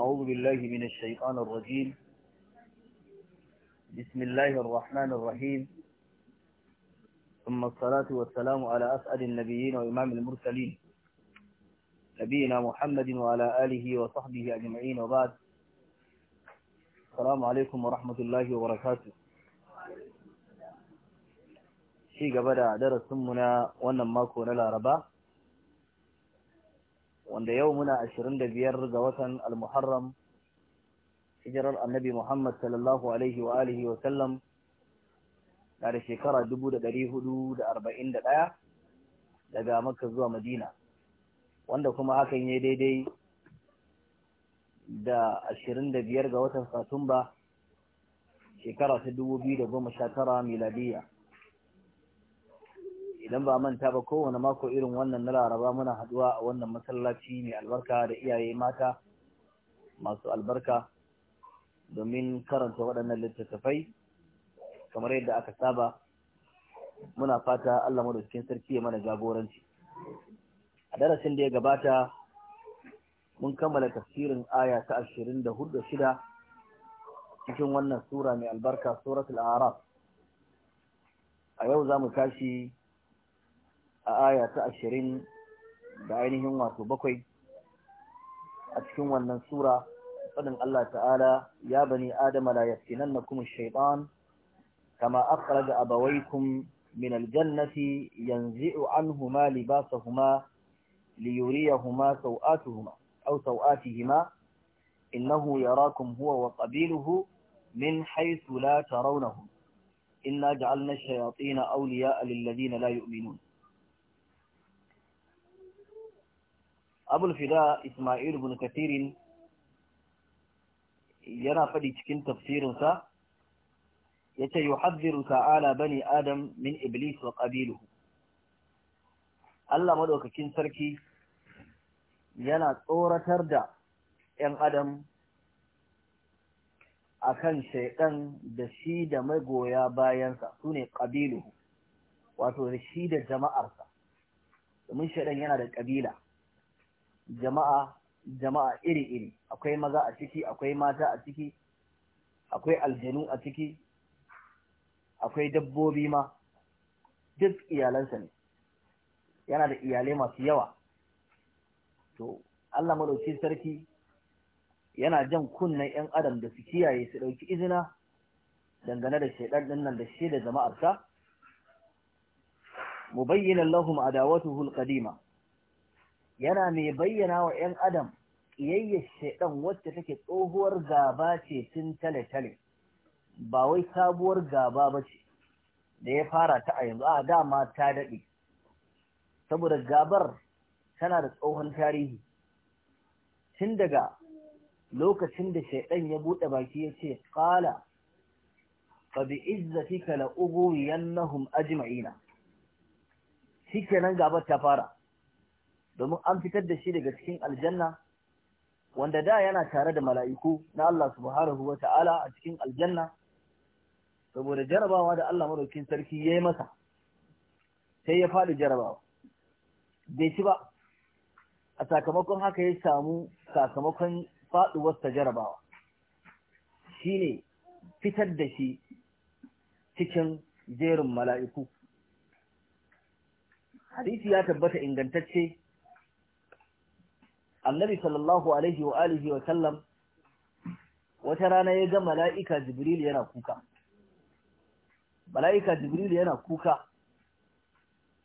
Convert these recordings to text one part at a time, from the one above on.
أعوذ بالله من الشيطان الرجيم بسم الله الرحمن الرحيم ثم الصلاة والسلام على أسعد النبيين وإمام المرسلين نبينا محمد وعلى آله وصحبه أجمعين وبعد السلام عليكم ورحمة الله وبركاته شيء قبل درس منا كون لا رباه wanda yau muna biyar ga watan al-muharram hijirar annabi muhammad sallallahu alaihi wa alihi wa sallam na da shekara 441 daga makka zuwa madina wanda kuma hakan ya daidai da 25 ga watan satumba shekara ta da goma sha tara miladiyya idan ba manta ba kowane mako irin wannan na laraba muna haduwa a wannan masallaci mai albarka da iyaye mata masu albarka domin karanta waɗannan littattafai kamar yadda aka saba muna fata Allah da cikin sarki ya mana jagoranci a darasin da ya gabata mun kammala tafsirin aya ta 24 shida cikin wannan sura mai albarka suratul araf a yau za mu tashi a aya ta ashirin da ainihin wato bakwai a cikin wannan sura faɗin Allah ta'ala ya bani adama la yaftinannakum ash-shaytan kama akhraja abawaykum min al-jannati yanzi'u anhuma libasahuma liyuriyahuma sawatuhuma aw sawatihima innahu yarakum huwa wa qabiluhu min haythu la tarawnahum inna ja'alna ash-shayatin awliya'a lil ladina la yu'minun abul fida ismail ibn katirin yana faɗi cikin tafsirinsa ya ce yuhaddiru ta'ala bani adam min iblis wa ƙabiluhu Allah maɗaukakin sarki yana tsoratar da ‘yan adam akan kan shaiɗan da shi da magoya bayansa su ne ƙabiluhu wato da shi da jama'arsa domin shaiɗan yana da ƙabila jama'a jama'a iri-iri akwai maza a ciki akwai mata a ciki akwai aljanu a ciki akwai dabbobi ma duk iyalansa ne yana da iyalai masu yawa to Allah madauki sarki yana jan kunnen 'yan adam da su kiyaye su ɗauki izina dangane da shaidar dinnan da shi da jama'arsa mubayyinan lahum adawatuhul qadima yana mai bayyana wa ‘yan adam ƙiyayyar shaiɗan wacce take tsohuwar gaba ce tun tale-tale ba wai sabuwar gaba ba ce da ya fara ta a yanzu a dama ta daɗe saboda gabar tana da tsohon tarihi tun daga lokacin da shaiɗan ya buɗe baki ya ce ƙala ba bi ugu la ajima'ina shi kenan gabar ta fara domin an fitar da shi daga cikin aljanna wanda da yana tare da mala'iku na Allah subhanahu wa ta'ala a cikin aljanna saboda jarabawa da Allah maraukin sarki ya yi masa sai ya faɗi jarabawa bai ci ba a sakamakon haka ya samu sakamakon faɗuwarsa jarabawa shi ne fitar da shi cikin jerin mala'iku hadisi ya tabbata ingantacce annabi sallallahu alaihi wa alihi wa sallam wata rana ya ga mala'ika jibril yana kuka mala'ika jibril yana kuka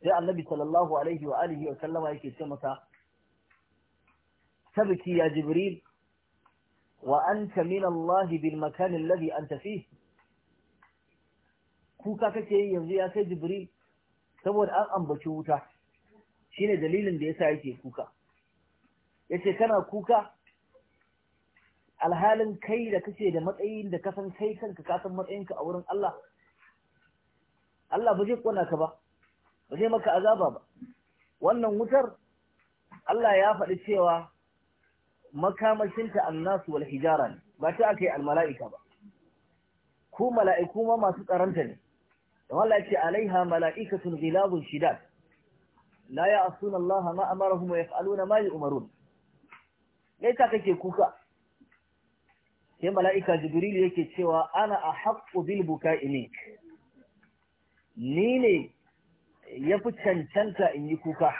sai annabi sallallahu alaihi wa alihi wa sallama yake ce masa tabki ya jibril wa anta min Allah bil makan alladhi anta fihi kuka kake yi yanzu ya kai jibril saboda an ambaci wuta shine dalilin da yasa yake kuka yace kana kuka alhalin kai da kace da matsayin da kasan kai kanka kasan san matsayinka a wurin Allah Allah ba zai kona ka ba ba zai maka azaba ba wannan wutar Allah ya faɗi cewa makamashin ta annasu wal hijara ne ba ta akai al malaika ba ku mala'iku ma masu karanta ne dan Allah ya ce alaiha mala'ikatun ghilabun shidad la ya'suna Allah ma amarahum wa yaf'aluna ma yu'marun me kake kuka sai mala'ika jibril yake cewa ana a haƙƙo bil buka'i ni ne ya fi cancanta in yi kuka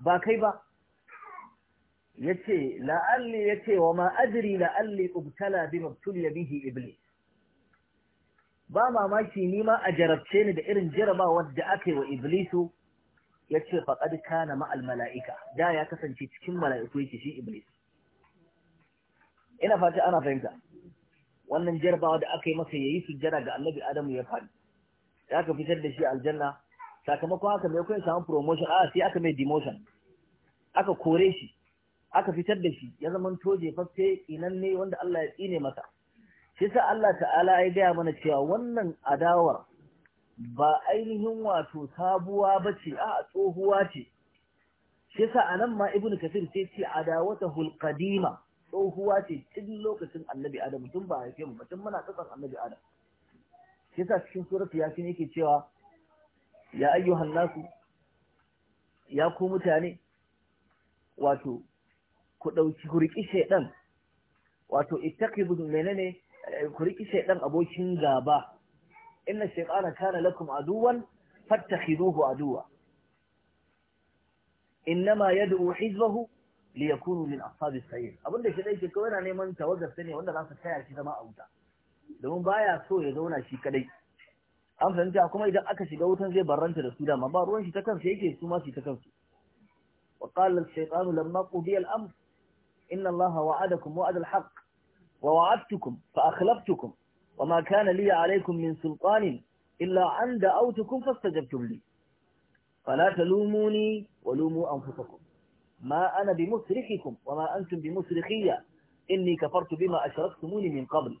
ba kai ba ya ce la'alli ya ce wa ma'adiri la'alli ubtala bi mabtuliya bihi iblis ba mamaki ni ma a jarabce ni da irin jarabawar da aka yi wa iblisu ya ce faƙad kana ma'al mala'ika da ya kasance cikin mala'iku yake shi iblis ina fata ana fahimta wannan jarbawa da aka yi masa ya yi sujjada ga annabi adamu ya faɗi ya ka fitar da shi aljanna sakamakon haka mai kuwa samun promotion a ah, sai aka mai demotion aka kore shi aka fitar da shi ya zama toje fafe inan ne wanda Allah ya tsine masa shi sa Allah ta'ala ya gaya mana cewa wannan adawar ba ainihin wato sabuwa ba ce a tsohuwa ce shi yasa a nan ma ibnu kafir sai ce adawatahul Hulƙadima tsohuwa ce tun lokacin annabi adam tun ba haife mu tun muna kasan annabi adam shi yasa cikin suratu yasin yake cewa ya ayyuhan nasu ya ku mutane wato ku ɗauki ku riƙi wato ittaqibu menene ku riƙi shaiɗan abokin gaba إن الشيطان كان لكم عدوا فاتخذوه عدوا إنما يدعو حزبه ليكونوا من أصحاب السعير اقول لك أبدا شديك كوينة نيمان توقف ثانية وإن الله سكايا كذا ما أوتا دون بايا سو يدونا شي كدي أم فأنت أقوم إذا أكسي قوتن زي برانت رسولة ما باروان شي تكن شيء كي سوما شي تكن وقال الشيطان لما قضي الأمر إن الله وعدكم وعد الحق ووعدتكم فأخلفتكم وما كان لي عليكم من سلطان إلا أن دعوتكم فاستجبتم لي فلا تلوموني ولوموا أنفسكم ما أنا بمسرخكم وما أنتم بمسرخية إني كفرت بما أشركتموني من قبل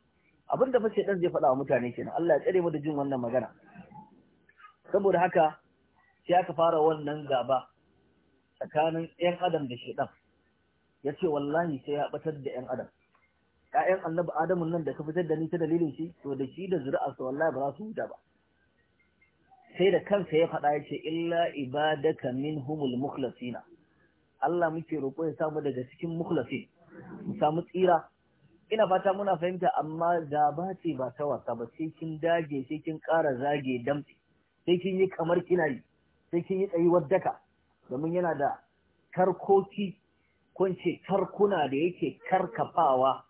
أبدا فشي قزي فلا متعني شنا الله يتعلم ودجون ونما جنا سبور حكا شيا كفار وننقابا أكان إن قدم دي شيطان يتشي والله شيا بتد إن قدم ƴaƴan annabi adamu nan da ka fitar da ni ta dalilin shi to da shi da zuri'arsa wallahi ba za su huta ba sai da kansa ya faɗa ya ce illa ibadaka minhumul mukhlasina Allah muke roƙo ya samu daga cikin mukhlasin mu samu tsira ina fata muna fahimta amma da ba ce ba ta wasa ba sai kin dage sai kin ƙara zage damtse sai kin yi kamar kina yi sai kin yi tsayi daka domin yana da karkoki ko ce karkuna da yake karkafawa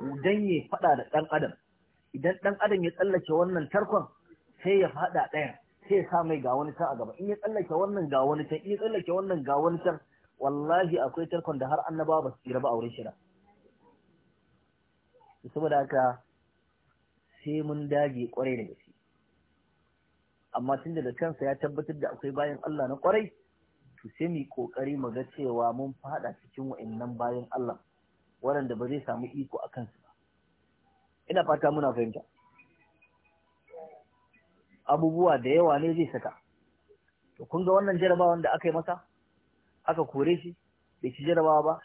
dan ya faɗa da ɗan adam idan ɗan adam ya tsallake wannan tarkon sai ya faɗa ɗaya sai ya sa mai ga wani can a gaba in ya tsallake wannan ga wani can in ya tsallake wannan ga wani can wallahi akwai tarkon da har annaba ba ba su tsira ba a wurin shira saboda haka sai mun dage kwarai da gaske amma tun da kansa ya tabbatar da akwai bayan Allah na kwarai to sai mu yi kokari mu ga cewa mun fada cikin wa'annan bayan Allah waɗanda ba zai samu iko a kansu ba ina fata muna fahimta abubuwa da yawa ne zai saka to kun ga wannan jaraba da aka yi masa aka kore shi bai ci jarabawa ba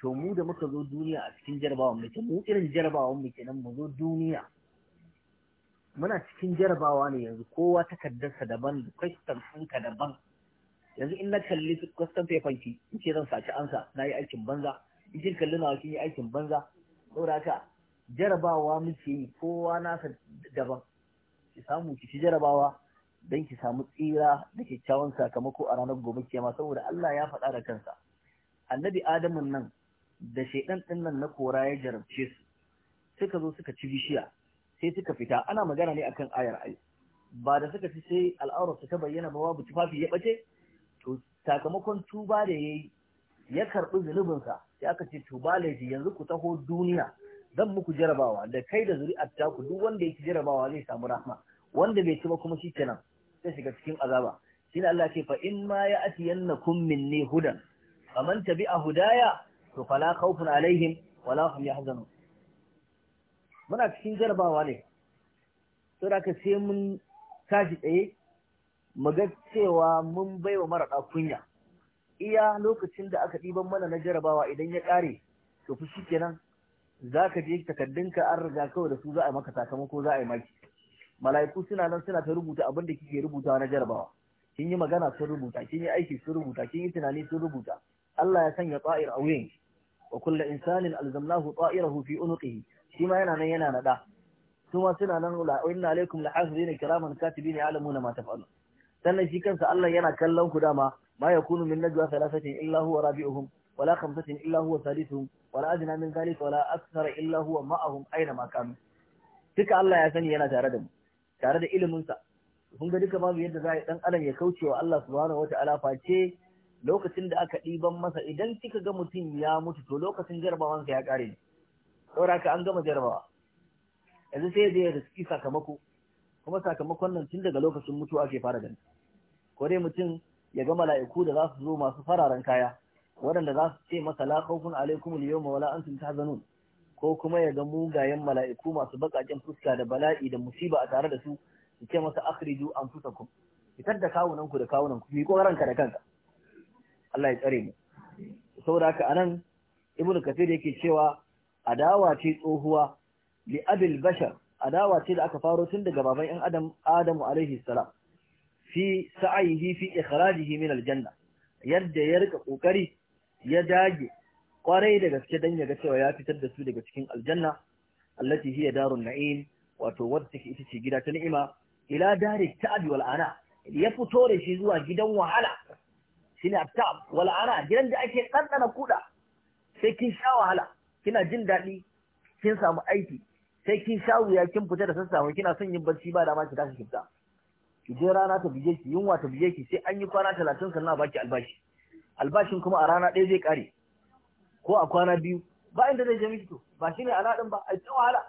to mu da muka zo duniya a cikin jarabawan mu mu irin jarabawan mu kenan mu zo duniya muna cikin jarabawa ne yanzu kowa takardarsa daban da kwastan ɗinka daban yanzu in na kalli kwastan faifan ki in ce zan sace ansa na yi aikin banza jin kalli na kin yi aikin banza saboda haka jarabawa muke yi kowa nasa daban ki samu ki ci jarabawa don ki samu tsira da kyakkyawan sakamako a ranar gobe kiyama saboda Allah ya faɗa da kansa annabi Adamu nan da shaidan din nan na kora ya jarabce su suka zo suka ci bishiya sai suka fita ana magana ne akan ayar ai ba da suka ci sai al'aurar ta bayyana ba babu tufafi ya bace to sakamakon tuba da yayi ya karɓi zunubinsa sai aka ce to ba laifi yanzu ku taho duniya zan muku jarabawa da kai da zuri'ar ku duk wanda yake jarabawa zai samu rahma wanda bai ci ba kuma shikenan sai shiga cikin azaba shine Allah ya ce fa in ma ya'tiyannakum minni hudan faman tabi'a hudaya to fala khawfun alaihim wala hum yahzanun muna cikin jarabawa ne to da ka sai mun tashi tsaye mu ga cewa mun baiwa mara kunya iya lokacin da aka ɗiban mana na jarabawa idan ya ƙare to fi shikenan za ka je takaddunka an riga kawai da su za a yi maka sakamako za a yi maki mala'iku suna nan suna ta rubuta abin da kike rubutawa na jarabawa kin yi magana sun rubuta kin yi aiki sun rubuta kin yi tunani sun rubuta Allah ya sanya ta'ir a wuyan wa kullu insanin alzamnahu ta'irahu fi unuqihi shi ma yana nan yana nada kuma suna nan la inna alaikum lahafizina kiraman katibina ya'lamuna ma taf'alun sannan shi kansa Allah yana kallon ku dama ma kunu min najwa thalathatin illa huwa rabi'uhum wala khamsatin illa huwa salisuhum la adna min wa wala akthara illa huwa ma'ahum aina ma kanu duka Allah ya sani yana tare da mu tare da ilimin sa kun ga duka babu yadda za a yi dan adam ya kauce wa Allah subhanahu wata'ala face lokacin da aka diban masa idan kika ga mutum ya mutu to lokacin jarabawansa ya kare ne saboda haka an gama jarabawa yanzu sai ya je ya riski sakamako kuma sakamakon nan tun daga lokacin mutuwa ake fara gani ko dai mutum ya ga mala'iku da za su zo masu fararen kaya waɗanda za su ce masa la khawfun alaikum al-yawma wala antum tahzanun ko kuma ya ga mugayen mala'iku masu baƙaƙen fuska da bala'i da musiba a tare da su su ce masa akhriju anfusakum fitar da kawunan ku da kawunan ku yi kokarin ka da kanka Allah ya tsare mu saboda haka anan ibnu kathir yake cewa adawa ce tsohuwa li abil bashar adawa ce da aka faro tun daga baban ‘yan Adam, Adamu alaihi salam, fi sa'ayihi fi ikhrajihi min aljanna, yadda ya rika ƙoƙari ya dage ƙwarai da gaske dan ya ga cewa ya fitar da su daga cikin aljanna, allati hiya darun na'im, wato wadda ke ita ce gida ta ni'ima, ila dari ta'abi wal ana, ya fito da shi zuwa gidan wahala, shine ta'ab wal ana, gidan da ake ɗanɗana kuɗa, sai kin sha wahala, kina jin daɗi, kin samu aiki, sai kin sha wuya kin fita da sassafe kina son yin barci ba dama ki tashi kifta ki je rana ta bije ki yunwa ta bije ki sai an yi kwana talatin sannan a baki albashi albashin kuma a rana ɗaya zai ƙare ko a kwana biyu ba inda zai je miki to ba shi ne ɗin ba a ta wahala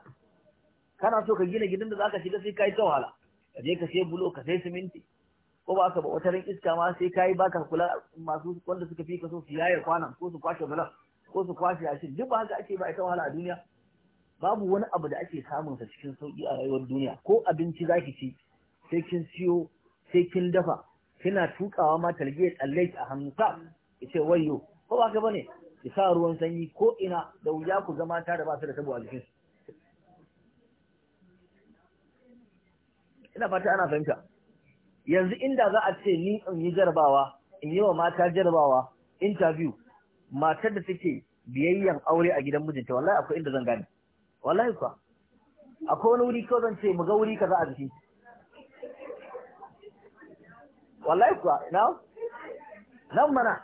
kana so ka gina gidan da za ka shiga sai ka yi ta wahala ka je ka sai bulo ka sai siminti ko ba ka ba wata iska ma sai ka yi baka kula masu wanda suka fi ka so su yaye kwanan ko su kwashe bulan ko su kwashe yashin duk ba haka ake ba a ita wahala a duniya babu wani abu da ake samun sa cikin sauki a rayuwar duniya ko abinci zaki ci sai kin siyo sai kin dafa kina tukawa ma talge tsalle a hannu ka yace wayo ko ba ka bane ki sa ruwan sanyi ko ina da wuya ku zama ta da ba su da tabo a jikin ina fata ana fahimta yanzu inda za a ce ni in yi jarabawa in yi wa mata jarabawa interview matar da take biyayyan aure a gidan mijinta wallahi akwai inda zan gane wallahi kuwa akwai wani wuri ko zan ce mu ga wuri za a jiki wallahi kuwa ina nan mana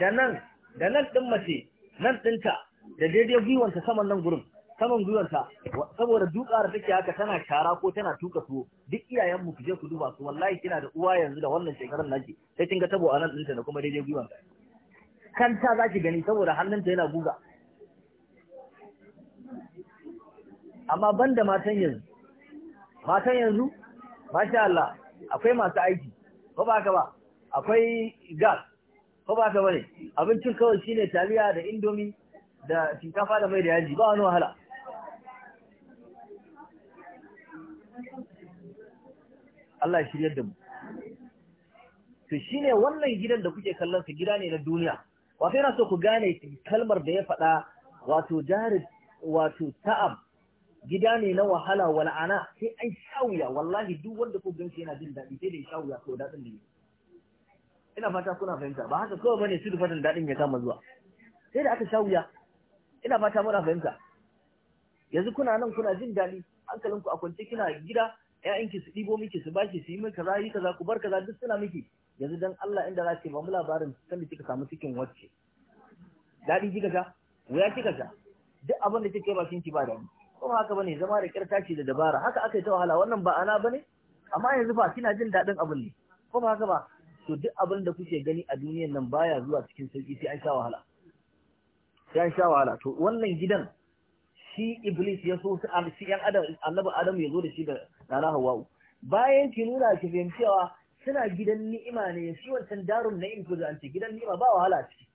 da nan da nan din mace nan ɗinta da daidai gwiwanta saman nan gurin saman gwiwanta saboda duka da take haka tana shara ko tana tuka su duk iyayen mu kuje ku duba su wallahi kina da uwa yanzu da wannan shekarar nake sai kin ga tabo a nan dinta da kuma daidai gwiwanta kanta zaki gani saboda hannunta yana guga amma banda matan yanzu matan yanzu masha Allah akwai masu aiki ko ba ka ba akwai gas ko ba ka bane abincin kawai shine taliya da indomi da shinkafa da mai da yaji ba wani wahala Allah shiryar da mu to shine wannan gidan da kuke kallon sa gida ne na duniya wato yana so ku gane kalmar da ya faɗa wato jarid wato ta'ab gida ne na wahala wal'ana sai an shawuya wallahi duk wanda ku shi yana jin daɗi sai da ya shawuya ko daɗin da yi ina fata kuna fahimta ba haka kawai bane su da fatan daɗin ya kama zuwa sai da aka shawuya ina fata muna fahimta yanzu kuna nan kuna jin daɗi hankalinku a kwance kina gida ƴaƴanki su ɗibo miki su bashi su yi mai kaza yi kaza ku bar kaza duk suna miki yanzu dan Allah inda za ki ba mu labarin da kika samu cikin wacce daɗi kika sha wuya kika sha duk abin da kika yi bakin ki ba daɗi kuma haka bane zama da kyar tashi da dabara haka aka yi ta wahala wannan ba ana bane amma yanzu ba kina jin daɗin abin ne kuma haka ba to duk abin da kuke gani a duniyar nan baya zuwa cikin sauki sai an sha wahala sai an sha wahala to wannan gidan shi iblis ya so shi yan adam annabi adam ya zo da shi da nana hawa'u bayan ki nuna ki fahimcewa suna gidan ni'ima ne shi wancan darun na in da an ce gidan ni'ima ba wahala ciki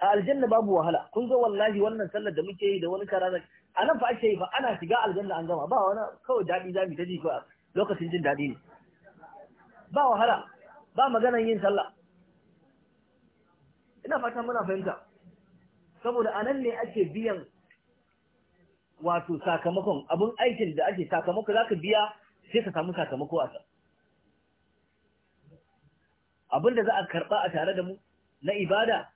a aljanna babu wahala kun zo wallahi wannan sallar da muke yi da wani karatu a nan fa ake yi ba ana shiga aljanna an gama ba wani kawai daɗi za mu ta ji kawai lokacin jin daɗi ne ba wahala ba maganan yin sallah ina fata muna fahimta saboda a nan ne ake biyan wato sakamakon abin aikin da ake sakamako za ka biya sai ka samu sakamako a can abin da za a karɓa a tare da mu na ibada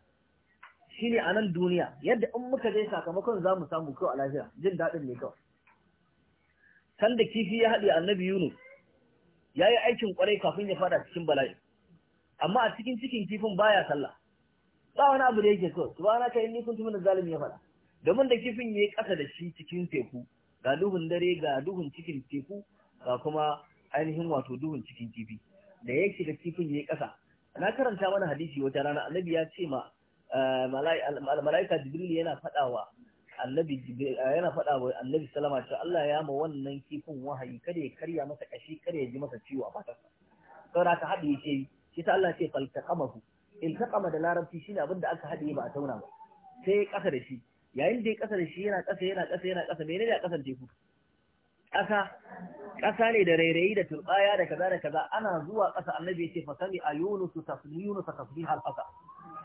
shine a nan duniya yadda in muka je sakamakon za mu samu kyau a lafiya jin daɗin ne kawai Tanda kifi ya haɗe annabi yunus ya yi aikin kwarai kafin ya fada cikin bala'i amma a cikin cikin kifin baya sallah ba wani abu da yake so su ba ka inni nufin min zalimi ya fada domin da kifin ya yi ƙasa da shi cikin teku ga duhun dare ga duhun cikin teku ga kuma ainihin wato duhun cikin kifi da yake da kifin ya yi ƙasa na karanta mana hadisi wata rana annabi ya ce ma Eh, mala'ika jibril yana faɗawa annabi yana faɗa wa annabi eh, salama cewa Allah ya ma wannan kifin wahayi kada ya karya masa kashi kada ya ji masa ciwo a fata saboda ka hadi ce shi ta Allah ce faltaqamahu taqama da larabci shine abin da aka hadi ba a tauna ba sai ƙasa da shi yayin da ya ƙasa da shi yana ƙasa yana ƙasa yana ƙasa menene ya ƙasan teku ƙasa ƙasa ne da rairayi da turbaya da kaza da kaza ana zuwa ƙasa annabi ya ce fasami a yunusu tasmiyunu tasmihal ƙasa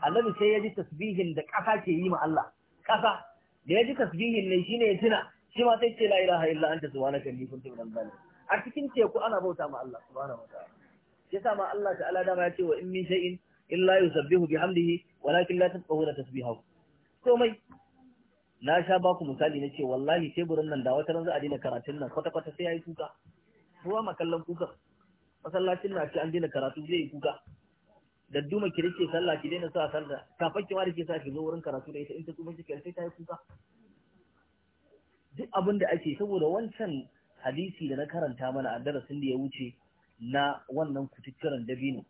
annabi sai ya ji tasbihin da ƙasa ke yi ma Allah ƙasa da ya ji tasbihin ne shine ya tuna shi ma sai ce la ilaha illa anta subhanaka inni kuntu minal zalimin a cikin teku ana bauta ma Allah subhanahu wa ta'ala yasa ma Allah ta'ala dama ya ce wa in min shay'in illa yusabbihu bihamdihi walakin la tafqahuna tasbihahu mai. na sha ba ku misali na ce wallahi teburin nan da wata ran za a daina karatun nan kwata kwata sai ya yi kuka ruwa makallan kuka masallacin na ce an dina karatu zai yi kuka da duma ki rike sallah ki daina sa sallah kafin ki ma da sa ki zo wurin karatu da ita in ta tsumin ki sai ta yi kuka duk abin da ake saboda wancan hadisi da na karanta mana a darasin da ya wuce na wannan kututturen dabino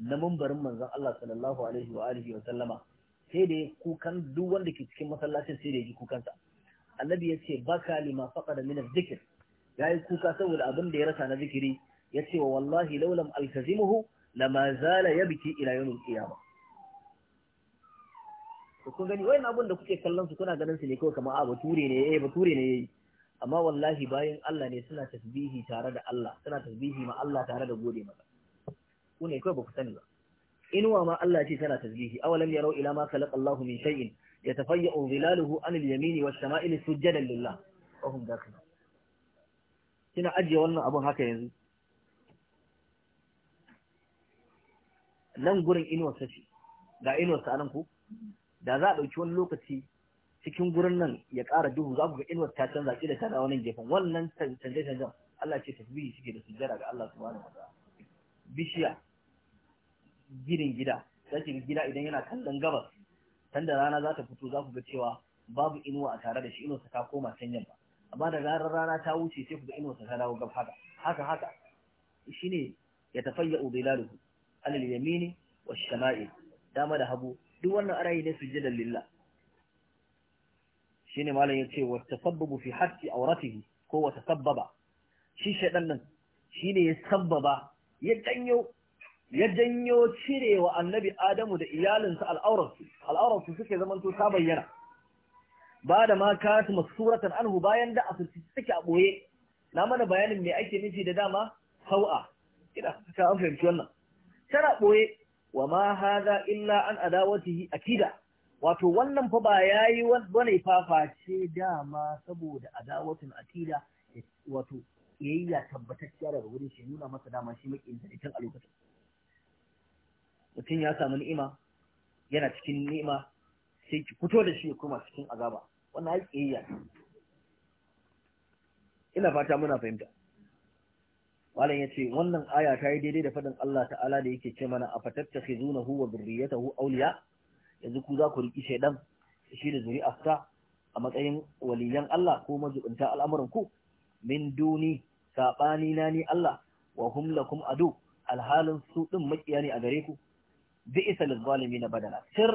na mambarin manzon Allah sallallahu alaihi wa alihi wa sallama sai da kukan duk wanda ke cikin masallacin sai da ji kukansa annabi ya ce baka lima faqada min az-zikr yayi kuka saboda abin da ya rasa na zikiri ya ce wa wallahi laulam tazimuhu lama zala yabki ila yawmil qiyamah to kun gani wayan abun da kuke kallon su kuna ganin su ne kawai kamar a ah, bature ne eh bature ne yayi amma wallahi bayan Allah ne suna tasbihi tare da Allah suna tasbihi ma Allah tare da gode masa ku ne kawai ba ku sani ba inuwa ma Allah ce tana tasbihi awalam yarau ila ma khalaqa Allahu min shay'in yatafayya'u zilaluhu an al-yamini was-sama'ili sujjadan lillah wa hum dakhilun kina ajiye wannan abun haka yanzu nan gurin inuwarsa ce ga inuwarsa a nan ku da za a ɗauki wani lokaci cikin gurin nan ya ƙara duhu za ku ga inuwar ta canza da ta da wani gefen wannan canje canjen Allah ce tasbihi suke da sujjara ga Allah subhanahu wa ta'ala bishiya girin gida zaki ga gida idan yana kallon gabas tanda rana za ta fito za ku ga cewa babu inuwa a tare da shi inuwarsa ta koma can yamma amma da zarar rana ta wuce sai ku ga inuwarsa ta dawo gab haka haka haka shine ya tafayya ubilaluhu alal yamini wa shama'il dama da hagu duk wannan ana yi ne sujjadar lillah shine malam yace wa tasabbabu fi haqqi awratihi ko wa tasabbaba shi shaydan nan shine ya sabbaba ya danyo ya janyo cirewa annabi adamu da iyalinsa al'aurarsu al'aurarsu suke zamanto ta bayyana ba da ma masu masuratan anhu bayan da asusi suke a ɓoye na mana bayanin me ake nufi da dama sau'a ina ka an fahimci wannan tana ɓoye wa ma haza illa an adawatihi akida wato wannan fa ba yayi wani faface dama saboda adawatin akida wato yayya tabbatacciya daga wurin shi nuna masa dama shi makin da a lokacin mutum ya samu ni'ima yana cikin ni'ima sai ki fito da shi kuma cikin azaba wannan haƙƙiyya ina fata muna fahimta malam yace wannan aya ta yi daidai da faɗin Allah ta'ala da yake ce mana a afatattakhizunahu wa dhurriyyatahu awliya yanzu ku za ku riki shaidan shi da zuri'arsa a matsayin waliyan Allah ko majibinta al'amuran ku min duni sabani na ni Allah wa hum lakum adu alhalin su ɗin makiya ne a gare ku bi isa na badala sir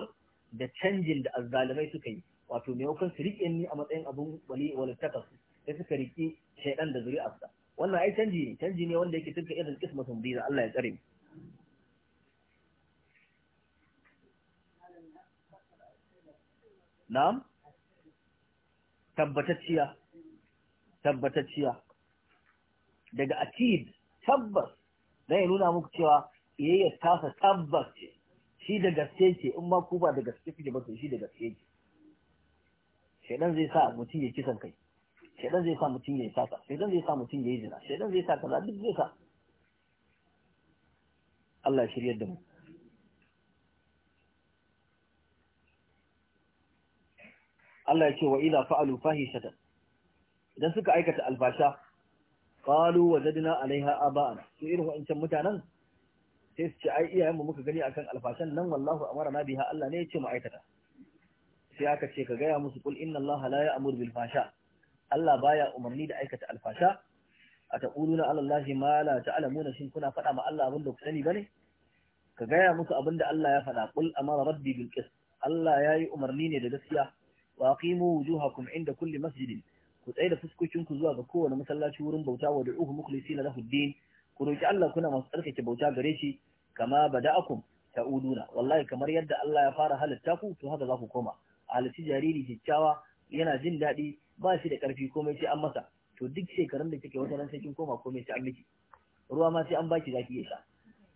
da canjin da azzalimai suka yi wato maimakon su rike ni a matsayin abin wali walittaka su sai suka riki shaydan da zuri'arsa wannan ai canji ne canji ne wanda yake tunka irin kismatun biza Allah ya tsare mu na'am tabbatacciya tabbatacciya daga akid tabbas da ya nuna muku cewa iyayyar tasa tabbas ce shi da gaske ce in ma ku ba da gaske kuke ba to shi da gaske ce shedan zai sa mutum ya kisan kai shaidan zai sa mutum ya yi sata shaidan zai sa mutum ya yi zina shaidan zai sa kaza duk zai sa Allah shiryar da mu Allah ya ce wa idza fa'alu fahishatan idan suka aikata alfasha qalu wajadna alaiha aba'ana su irin wancan mutanen sai su ce ai iyayen mu muka gani akan albashan nan wallahu amarna biha Allah ne ya ce mu aikata sai aka ce ka gaya musu kul inna Allah la ya'muru bil fasha Allah baya umarni da aikata alfasha a taquluna na Allah ma la ta'lamuna shin kuna faɗa ma Allah abin da ku sani ne ka gaya musu abin da Allah ya faɗa qul amara rabbi bil qist Allah yayi umarni ne da gaskiya wa aqimu wujuhakum inda kulli masjidin ku tsaye da fuskokinku zuwa ga kowane masallaci wurin bauta wa da'uhu mukhlisina lahu din ku roki Allah kuna masu tsarkake bauta gare shi kama bada'akum ta'uduna wallahi kamar yadda Allah ya fara halitta ku to haka za ku koma halitta jariri kyakkyawa yana jin daɗi ba shi da karfi komai sai an masa to duk shekarun da kike wata nan sai kin koma komai sai an miki ruwa ma sai an baki zaki ya sha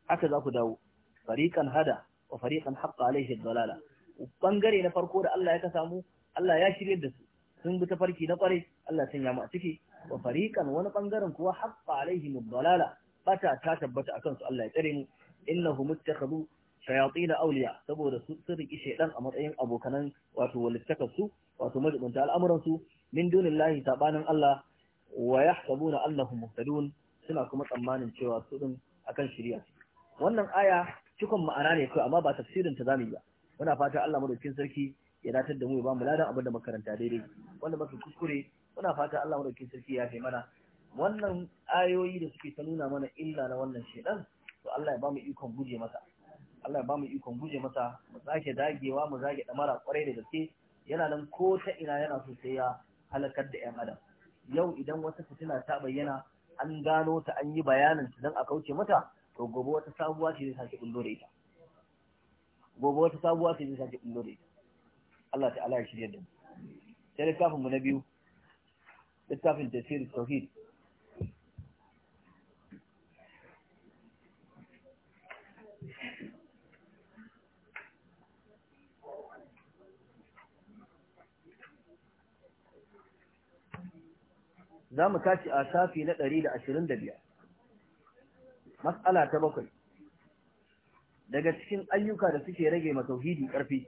haka za ku dawo fariqan hada wa fariqan haqqa alaihi dalala bangare na farko da Allah ya ka samu Allah ya shirye da su sun bi ta farki na kware Allah sanya mu a ciki wa fariqan wani bangaren kuwa haqqa alaihi dalala bata ta tabbata akan su Allah ya tsare mu innahum ittakhadhu shayatin awliya saboda su sun riki shedan a matsayin abokanan wato walittakarsu wato al'amuran su. min lahi sabanin Allah wa Allah annahum muhtadun suna kuma tsammanin cewa su din akan shirya. wannan aya cikon ma'ana ne kai amma ba tafsirin ta zamu yi ba muna fatan Allah madaukin sarki ya datar da mu ya bamu mu ladan abin da makaranta daidai wanda muka kuskure muna fatan Allah madaukin sarki ya fi mana wannan ayoyi da suke ta nuna mana illa na wannan shaidan to Allah ya bamu ikon guje masa Allah ya bamu ikon guje masa mu sake dagewa mu zage ɗamara kwarai da gaske yana nan ko ta ina yana so sai ya halakar da 'yan adam yau idan wata fitina ta bayyana an gano ta an yi bayanin don a kauce mata to gobe wata sabuwa ce zai sake bullo da ita gobe wata sabuwa ce zai sake bullo da ita Allah ta'ala ya shirya da mu sai littafin mu na biyu littafin tafsir tauhid za mu tashi a safi na ɗari da da ashirin biyar. Matsala ta bakwai daga cikin ayyuka da suke rage matauhidi ƙarfi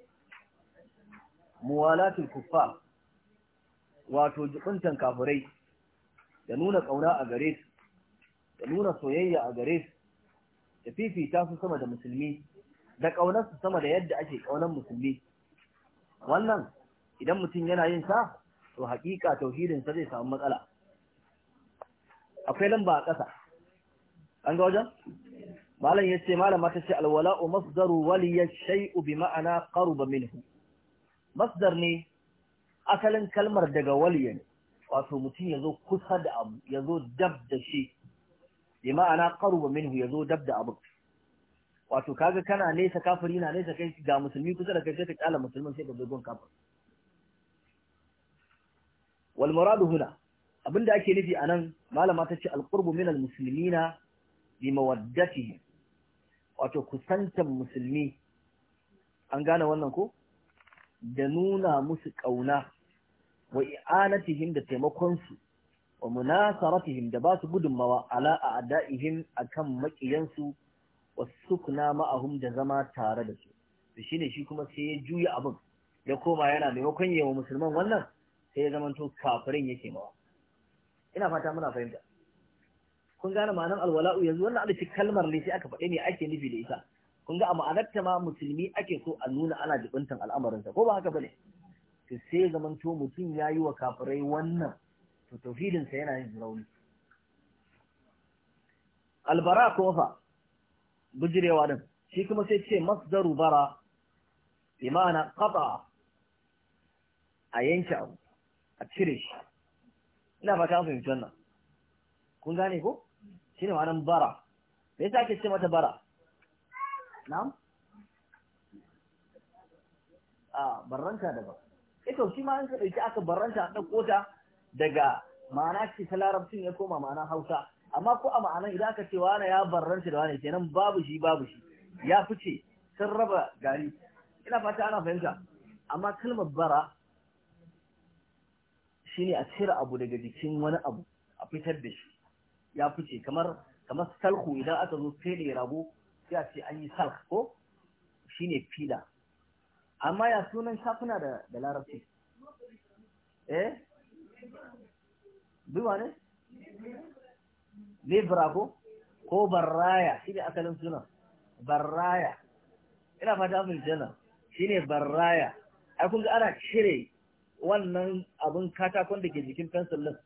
muwalatul kuffa wato jikuntan kafurai. da nuna ƙauna a gare su da nuna soyayya a gare su da fifita su sama da musulmi da ƙaunarsu sama da yadda ake ƙaunar musulmi wannan idan mutum yana yin sa to haƙiƙa tauhidinsa zai samu matsala akwai lamba a ƙasa an ga wajen malam yace malama ta ce alwala'u masdaru ya shai'u bi ma'ana qaruba minhu masdar ne asalin kalmar daga waliya ne wato mutum yazo kusa da abu yazo dab da shi bi ma'ana qaruba minhu yazo dab da abu wato kaga kana nesa kafiri na nesa kai ga musulmi kusa da kai sai ka kyala musulmin sai ka zo gon kafir wal muradu huna abin da ake nufi a nan, malama ta ce alqurbu min almuslimina bi mawaddatihi wato kusantan musulmi an gane wannan ko da nuna musu ƙauna wa i'anatihim da taimakon su, wa munasaratihim da ba su gudunmawa ala a ada'ihim akan maƙiyansu wa ma'ahum da zama tare da su to shine shi kuma sai ya juya abin ya koma yana maimakon yawa musulman wannan sai ya zamanto kafirin yake mawa ina fata muna fahimta kun gane ma'anar alwala'u yanzu wannan alifi kalmar ne sai aka faɗi ne ake nufi da ita kun ga a ma'anarta ma musulmi ake so a nuna ana jibintan al'amarinsa ko ba haka bane to sai zaman mutum ya yi wa kafirai wannan to tauhidinsa yana yin rauni albara kuma fa bujirewa din shi kuma sai ce masdaru bara bi ma'ana qata a yanke abu a cire shi ina fata an fahimci wannan kun gane ko shine ma'anar bara me yasa ake ce mata bara na'am a barranta daga ita eh shi ma an ka dauki aka barranta an dauko ta daga ma'ana ce ta larabcin ya koma ma'ana Hausa amma ko a ma'anar idan aka ce wani ya barranta da wani kenan babu shi babu shi ya fice sun raba gari ina fata ana fahimta amma kalmar bara ne a cire abu daga jikin wani abu a fitar da shi ya fice kamar kamar salku idan aka zo fere rago sai a ce an yi salk ko shine fila amma ya sunan shafuna da da larabci eh biwa ne lebra ko ko barraya shine asalin sunan barraya ina fata mun jana shine barraya ai kun ga ana cire wannan abin katakon da ke jikin fensil din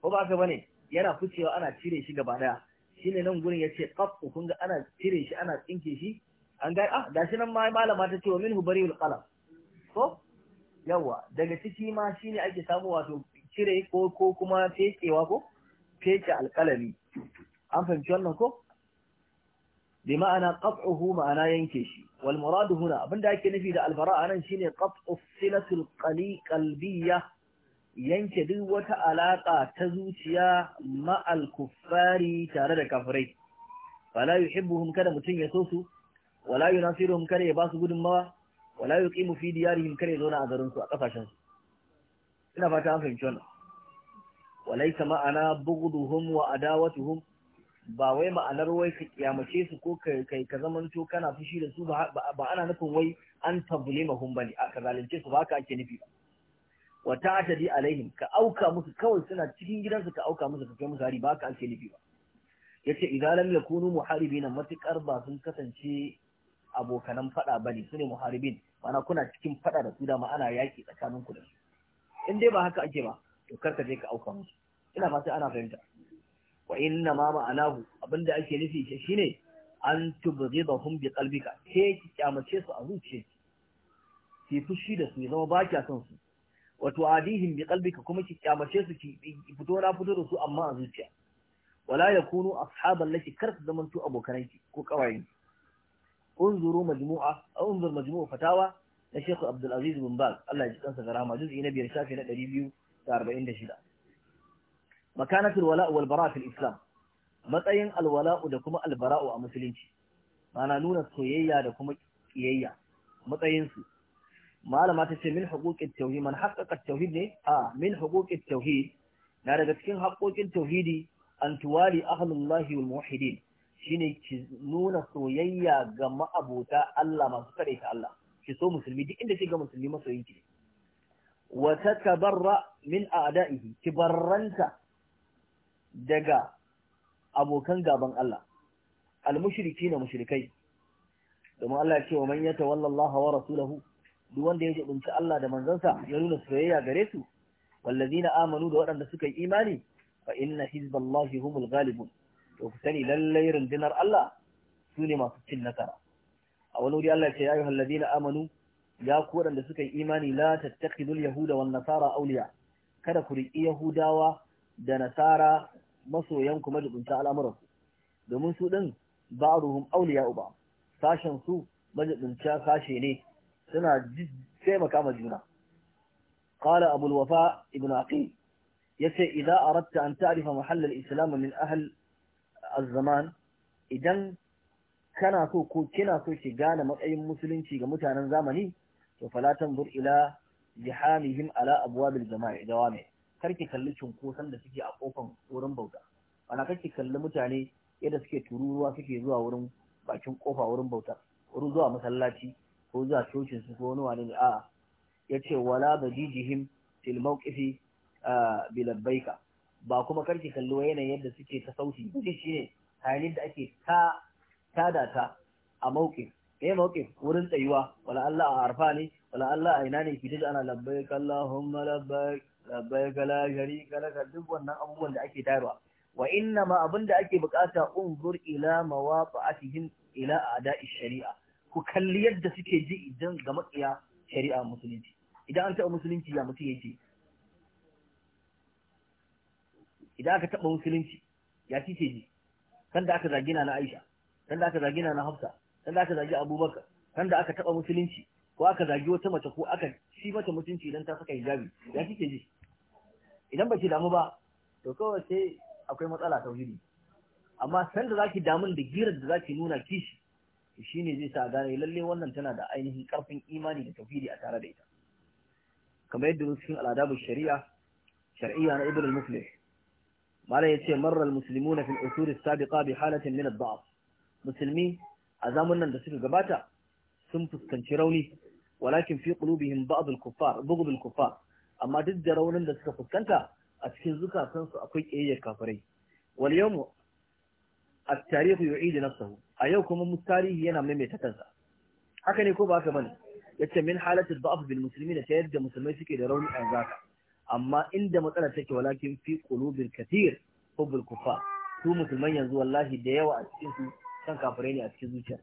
ko ba ka bane yana ficewa ana cire shi gaba daya Shi ne nan gurin ya ce kun ga ana cire shi ana tsinke shi an ah, ga ah shi nan ma malama ta ce wa minhu bariul qalam ko yawa daga ciki ma shi ne ake samu wato cire ko kuma fekewa ko fece alƙalami an fahimci wannan ko bi ma'ana qat'uhu ma'ana yanke shi wal murad huna abinda yake nufi da albara anan shine qat'u silatul qalbiyya yanke duk wata alaka ta zuciya ma'al kuffari tare da kafirai fala yuhibbuhum kada mutun ya sosu su wala yunasiruhum kada ya ba su gudunmawa wala yuqimu fi diyarihim kada ya zauna a garin su a kafashin ina fata an fahimci wannan walaysa ma'ana bughduhum wa adawatuhum ba wai ma'anar wai ka kiyamace su ko kai ka to kana fushi da su ba ana nufin wai an tabbule mahun bane a ka zalunce su ba ka ake nufi ba wa ta'tadi alaihim ka auka musu kawai suna cikin gidansu ka auka musu ka kai musu hari ba ka ake nufi ba yace idan lam yakunu muharibin matikar ba sun kasance abokanan fada bane ne muharibin mana kuna cikin fada da su da ma ana yaki tsakanin ku da su in dai ba haka ake ba to kar ka je ka auka musu ina ba sai ana fahimta wa inna ma ma'anahu abinda ake nufi shine an tubghidahum bi qalbika ke ki kyamace su a zuciya ki fushi da su ya zama ba kya son su wato adihin bi qalbika kuma ki kyamace su ki fito na fito da su amma a zuciya wala yakunu ashaban laki kar su zaman abokan ki ko kawayen unzuru majmu'a unzur majmu'a fatawa na Sheikh Abdul Aziz bin Baz Allah ya ji kansa da rahama juz'i na biyar shafi na shida. makanatul wala'u wal bara fil islam matsayin alwala'u da kuma albara'u a musulunci mana nuna soyayya da kuma kiyayya matsayin su malama ta ce min huquqit tauhid man haqqaqa tauhid ne a min huquqit tauhid na daga cikin haƙoƙin tauhidi an tuwali ahlullahi wal muwahhidin shine ki nuna soyayya ga ma'abota Allah masu kare ta Allah ki so musulmi duk inda ki ga musulmi masoyin ki wa tatabarra min a'da'ihi ki barranta daga abokan gaban Allah al-mushriki na mushrikai domin Allah ya ce wa man yatawalla Allah wa rasulahu duk wanda ya jibinci Allah da manzansa ya nuna soyayya gare su wallazina amanu da waɗanda suka yi imani fa inna hizballahi humul galibun. to ku sani lallai rundunar Allah su ne masu cin nasara a wani wuri Allah ya ce ya ayyuhal ladina amanu ya ku waɗanda suka yi imani la tattakhidul yahuda wan nasara auliya kada ku riƙi yahudawa da nasara masoyanku majibinta al'amuranku domin su ɗin ba'aruhum auliya uba sashen su majibinta sashe ne suna taimaka ma juna qala abul wafa ibn aqil yace idza aradta an ta'rifa mahall al-islam min ahl az-zaman idan kana so ko kina so ki gane matsayin musulunci ga mutanen zamani to fala tanzur ila jihamihim ala abwabil jama'i jawami' kar ki kalli cunkoson da suke a kofan wurin bauta ana karki kalli mutane yadda suke tururuwa suke zuwa wurin bakin kofa wurin bauta wurin zuwa masallaci ko zuwa cocin su ko wani wani ne a ya ce wala da jijihim fil mawqifi bilabbaika ba kuma karki ki kalli yanayin yadda suke ta sauti shi shine hayanin da ake ta tada ta a mawqif eh mawqif wurin tsayuwa wala Allah a arfa ne wala Allah a ina ne ki ana labbaik Allahumma labbaik labbaika la sharika laka duk wannan abubuwan da ake tayarwa wa inna ma abin da ake bukata unzur ila mawaqa'atihim ila a'da'i shari'a ku kalli yadda suke ji idan ga makiya shari'a musulunci idan an taɓa musulunci ya mutum yake idan aka taɓa musulunci ya ci ce ji kan da aka zagina na Aisha kan da aka zagina na Hafsa kan da aka zagi Abubakar kan da aka taɓa musulunci ko aka zagi wata mace ko aka ci mata mutunci idan ta saka hijabi ya ci ce ji idan ba ki damu ba to kawai sai akwai matsala ta wuri amma san da zaki damun da girar da zaki nuna kishi shine zai sa gane lalle wannan tana da ainihin karfin imani da tauhidi a tare da ita kamar yadda cikin al'adabu shari'a shar'iyya na ibn al-muflih mala yace marra al-muslimuna fi al usur as-sabiqa bi halatin min ad-da'f musulmi a zamanin da suka gabata sun fuskanci rauni walakin fi qulubihim ba'd al-kuffar bughd al-kuffar amma duk da raunin da suka fuskanta a cikin zukatansu akwai ƙiyayyar kafirai wal yawmu at-tarihu yu'idu nafsahu a yau kuma tarihi yana maimaita kansa haka ne ko ba haka bane yace min halatul da'af bil muslimina ta yadda musulmai suke da rauni a zaka amma inda matsalar take walakin fi qulubil kathir hubul kufa su musulman yanzu wallahi da yawa a cikin su kan kafirai ne a cikin zuciya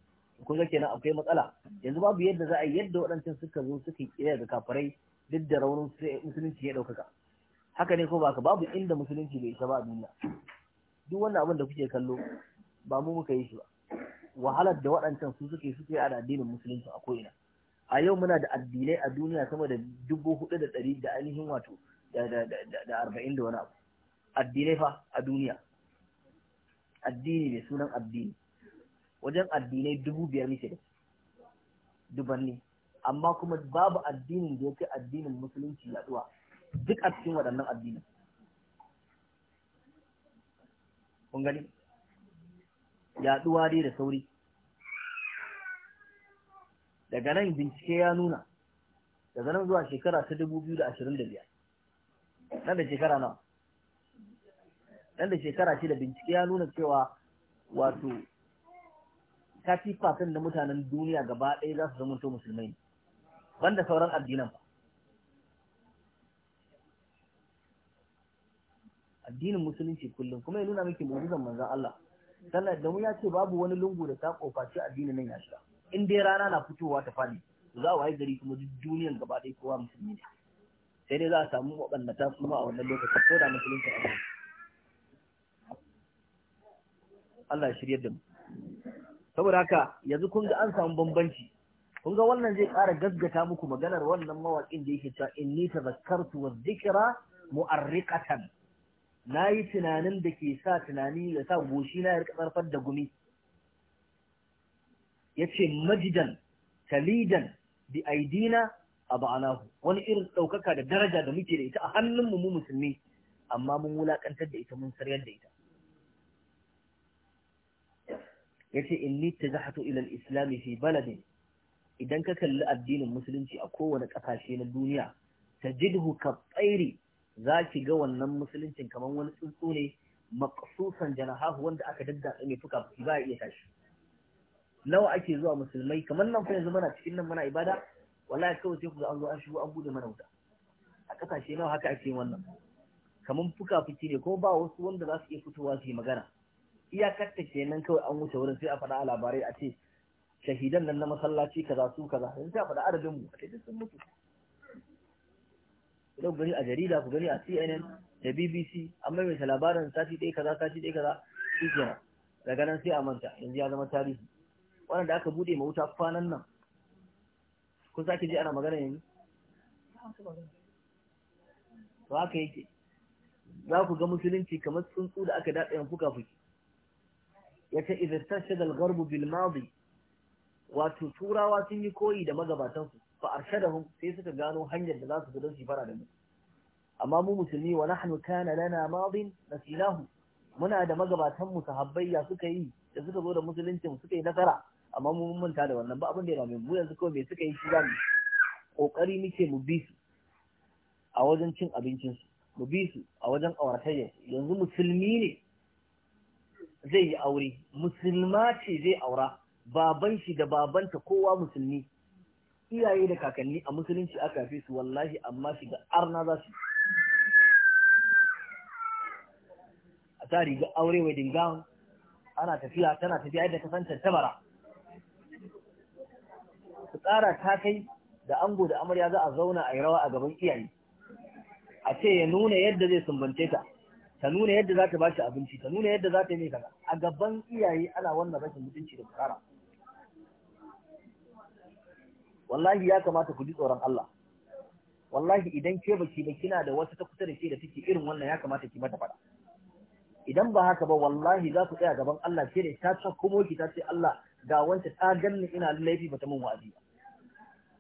kun ga kenan akwai matsala yanzu babu yadda za a yadda waɗancan suka zo suka kiyaya ga kafirai duk da raunin musulunci ya ɗaukaka haka ne ko ba ka babu inda musulunci bai isa ba a duniya duk wannan abin da kuke kallo ba mu muka yi shi ba wahalar da waɗancan su suke suke a addinin musulunci a ko'ina a yau muna da addinai a duniya sama da dubu hudu da ɗari da ainihin wato da arba'in da wani abu addinai fa a duniya addini mai sunan addini wajen addinai dubu biyar ke da dubanni amma kuma babu addinin da ya addinin musulunci yaduwa duk a cikin waɗannan addinin kun gani yaduwa dai da sauri daga nan bincike ya nuna daga nan zuwa shekara ta dubu biyu da da ashirin biyar, nan da shekara nawa nan da shekara ce da bincike ya nuna cewa wato 30% na mutanen duniya gaba ɗaya za su zama musulmai ne banda sauran addinan ba addinin musulunci kullum kuma ya nuna miki mu'jizan manzon Allah sannan da mu ya ce babu wani lungu da ta kofaci addinin nan ya shiga in dai rana na fitowa ta fadi za a wayi gari kuma duk duniyan gaba ɗaya kowa musulmi ne sai dai za a samu waɗannata kuma a wannan lokacin ko da musulunci a Allah ya shirye da mu saboda haka yanzu kun ga an samu bambanci kun ga wannan zai ƙara gaggata muku maganar wannan mawaƙin da yake cewa inni tazakkartu wa dhikra mu'arriqatan nayi tunanin da ke sa tunani da sa goshi na ya tsarfar da gumi yace majidan talidan bi aidina ba'anahu. wani irin ɗaukaka da daraja da muke da ita a hannunmu mu musulmi amma mun wulakantar da ita mun sayar da ita yace inni tazahatu ila al-islam fi baladin idan ka kalli addinin musulunci a kowane ƙasashe na duniya ta jidhu ka tsairi za ki ga wannan musuluncin kamar wani tsuntsu ne maƙasusan janahahu wanda aka daddatsa mai fuka ba iya tashi nawa ake zuwa musulmai kamar nan kuma yanzu mana cikin nan muna ibada wallahi kawai sai ku ga an zo an shigo an bude mana wuta a ƙasashe nawa haka ake wannan kamar fuka-fuki ne kuma ba wasu wanda za su iya fitowa su yi magana iyakar ta kenan kawai an wuce wurin sai a faɗa a labarai a ce shahidan nan na masallaci kaza su kaza yanzu ta faɗa adadin mu sai sun mutu ku gani a jarida ku gani a CNN da BBC mai ta labarin sati ɗaya kaza sati ɗaya kaza shi nan, daga nan sai a manta yanzu ya zama tarihi wannan da aka bude ma wuta kwanan nan kun sake ji ana magana yanzu to haka yake za ku ga musulunci kamar tsuntsu da aka daɗa yan fuka fuki ya ce idan tashadal garbu bil madi wato turawa sun yi koyi da magabatansu fa arshadahum sai suka gano hanyar da za su gudan su fara da mu amma mu musulmi wa nahnu kana lana madin nasilahu muna da magabatan mu sahabbai ya suka yi da suka zo da musulunci mu suka yi nasara amma mu mun manta da wannan ba abin da ya rame mu yanzu kawai me suka yi shi mu kokari muke mu bi su a wajen cin abincin su mu bi su a wajen auratayya yanzu musulmi ne zai yi aure musulma ce zai aura baban shi da babanta kowa musulmi iyaye da kakanni a musulunci aka fi su wallahi amma shi shiga arna za su a ta riga aure wedding gown ana tafiya tana tafiya yadda kasantar tabara su tsara ta kai da ango da amarya za a zauna a yi rawa a gaban iyaye a ce ya nuna yadda zai sumbance ta ta nuna yadda za ta ba shi abinci ta nuna yadda za ta yi mai kaza a gaban iyaye ana wannan rashin mutunci da tsara. wallahi ya kamata ku ji tsoron Allah wallahi idan ke baki ba kina da wata ta kusa da ke da take irin wannan ya kamata ki mata fada idan ba haka ba wallahi za ku tsaya gaban Allah ke da ta ta kuma ki ta ce Allah ga wanda ta ganni ina laifi ba ta mun wa'azi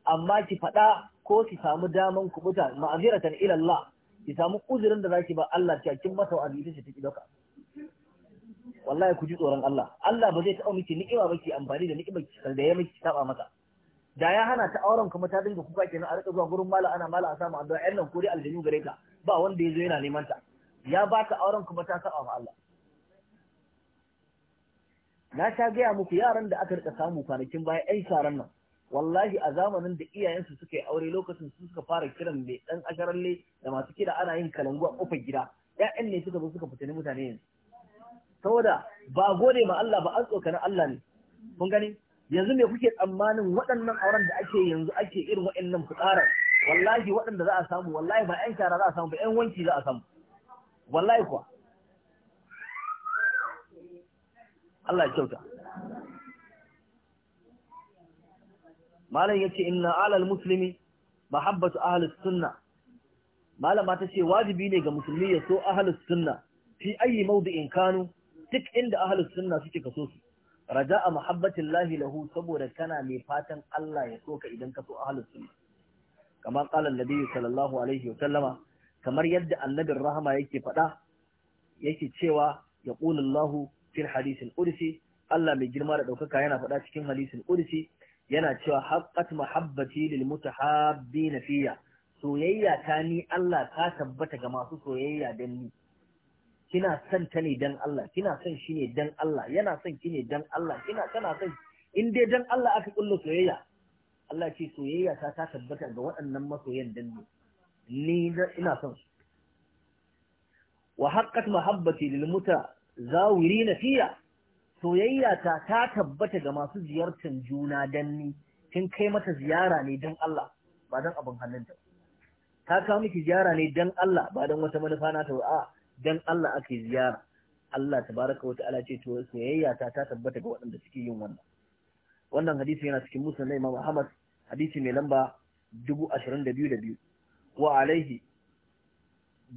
amma ki fada ko ki samu daman ku buta ma'aziratan ila Allah ki samu uzurin da zaki ba Allah ta kin masa wazi ta ce take doka wallahi ku ji tsoron Allah Allah ba zai taɓa miki ni'ima ba ki amfani da ni'imar ki da ya miki saba masa da ya hana ta auren kuma ta dinga kuka kenan a rika zuwa gurin mala ana mala a samu addu'a ƴan nan kore aljinu gare ta ba wanda ya zo yana neman ta ya ba ta auren kuma ta saba ma Allah na sha gaya muku yaran da aka rika samu kwanakin baya ƴan sharan nan wallahi a zamanin da iyayensu suka yi aure lokacin su suka fara kiran mai dan asharalle da masu kira ana yin kalangu a kofar gida ƴaƴan ne suka zo suka ne mutane yanzu saboda ba gode ma Allah ba an tsokani Allah ne kun gani yanzu me kuke tsammanin waɗannan auren da ake yanzu ake irin waɗannan fitsarar wallahi waɗanda za a samu wallahi ba 'yan shara za a samu ba 'yan wanki za a samu wallahi kuwa Allah ya kyauta malam yace inna alal muslimi mahabbatu ahlus sunna malama ce wajibi ne ga musulmi ya so ahlus sunna fi ayi mawdi'in kanu duk inda ahlus sunna suke kaso su a muhabbatin lahi lahu saboda kana mai fatan Allah ya soka idan ka so ahlus sunna kama qala annabi sallallahu alaihi wa sallama kamar yadda annabin rahama yake faɗa yake cewa ya Allahu fil hadisin qudsi Allah mai girma da ɗaukaka yana faɗa cikin hadisin qudsi yana cewa haqqat mahabbati lil mutahabbin fiya soyayya ta ni Allah ta tabbata ga masu soyayya dan ni kina son ta ne dan Allah kina son shi ne dan Allah yana son ki ne dan Allah kina kana son in dai dan Allah aka kullu soyayya Allah ce soyayya ta ta tabbata ga waɗannan masoyan dan ni ina son su wa haqqat mahabbati lil mutazawirina fiya soyayya ta ta tabbata ga masu ziyartar juna dan ni kin kai mata ziyara ne dan Allah ba dan abin hannunta ta kawo miki ziyara ne dan Allah ba dan wata manufa na ta a dan Allah aka ziyara Allah tabaraka wa ta'ala ce to ta ta tabbata ga waɗanda suke yin wannan wannan hadisi yana cikin musnad na Imam Ahmad hadisi mai lamba 2222 wa alaihi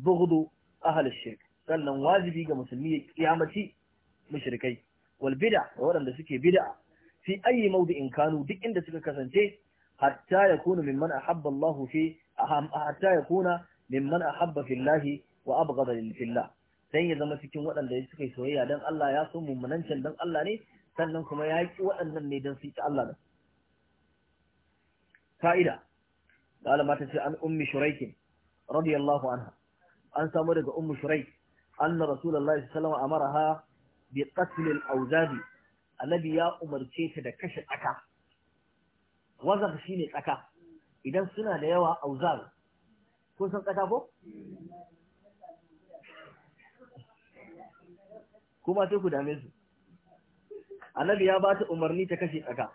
bughdu ahli shirk sannan wajibi ga musulmi ya kiyamaci mushrikai wal bid'a waɗanda suke bid'a fi ayi mawdi'in kanu duk inda suka kasance hatta yakunu mimman ahabba Allah fi hatta yakuna mimman ahabba wa abghada lillah sai ya zama cikin waɗanda suka yi soyayya dan Allah ya so mummunancin dan Allah ne sannan kuma ya yi waɗannan ne dan su ci Allah da fa'ida malama ta ce an ummi shuraikin radiyallahu anha an samu daga ummu shuraik anna rasulullahi sallallahu alaihi wasallam amaraha bi qatl al-awzabi annabi ya umarce ta da kashe tsaka wazaf shine tsaka idan suna da yawa auzar kun san tsaka ko kuma sai ku dame su annabi ya ba ta umarni ta kashe tsaka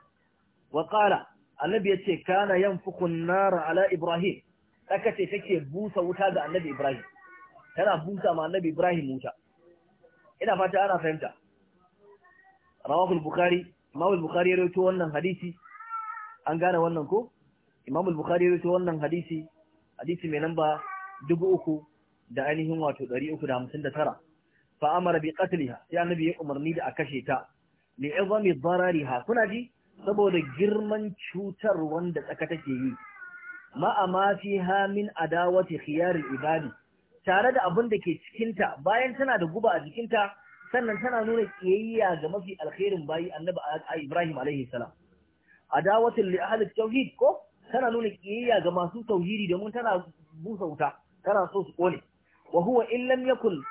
wa qala annabi ya ce kana yanfuku an-nar ala ibrahim tsaka ce take busa wuta ga annabi ibrahim tana busa ma annabi ibrahim wuta ina fata ana fahimta rawahu al-bukhari imam al-bukhari ya rawaito wannan hadisi an gane wannan ko imam al-bukhari ya rawaito wannan hadisi hadisi mai namba uku da ainihin wato tara. fa amara bi qatliha ya annabi ya umarni da a kashe ta li izami darariha kuna ji saboda girman cutar wanda tsaka take yi ma a mafi hamin adawati khiyar ibadi tare da abin da ke cikinta bayan tana da guba a jikinta sannan tana nuna kiyayya ga mafi alherin bayi annabi Ibrahim alaihi salam adawatul li ahli tauhid ko tana nuna ƙiyayya ga masu tauhidi domin tana busa wuta tana so su kone wa huwa in lam yakun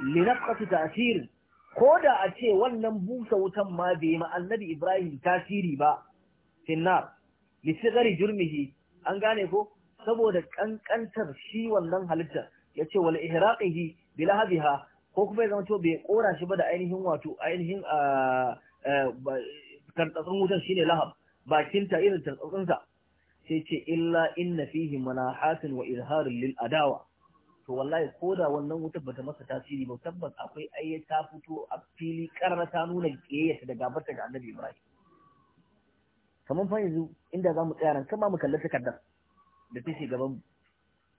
linafkatu tasirin. ko da a ce wannan busa wutan ma bai ma annabi ibrahim tasiri ba finnar lisigari jurmihi an gane ko saboda kankantar shi wannan halitta ya ce wal ihraqihi bi lahabiha ko kuma ya zama to bai kora shi ba da ainihin wato ainihin tantsatsun wutan shine lahab bakinta irin tantsatsunsa sai ce illa inna fihi manahatin wa izharin lil adawa to wallahi ko da wannan wutar bata masa tasiri ba tabbas akwai ayya ta fito a fili karna ta nuna kiyayyata da gabata ga annabi Ibrahim kamar fa yanzu inda za mu tsaya kama mu kalli takardar da take gaban mu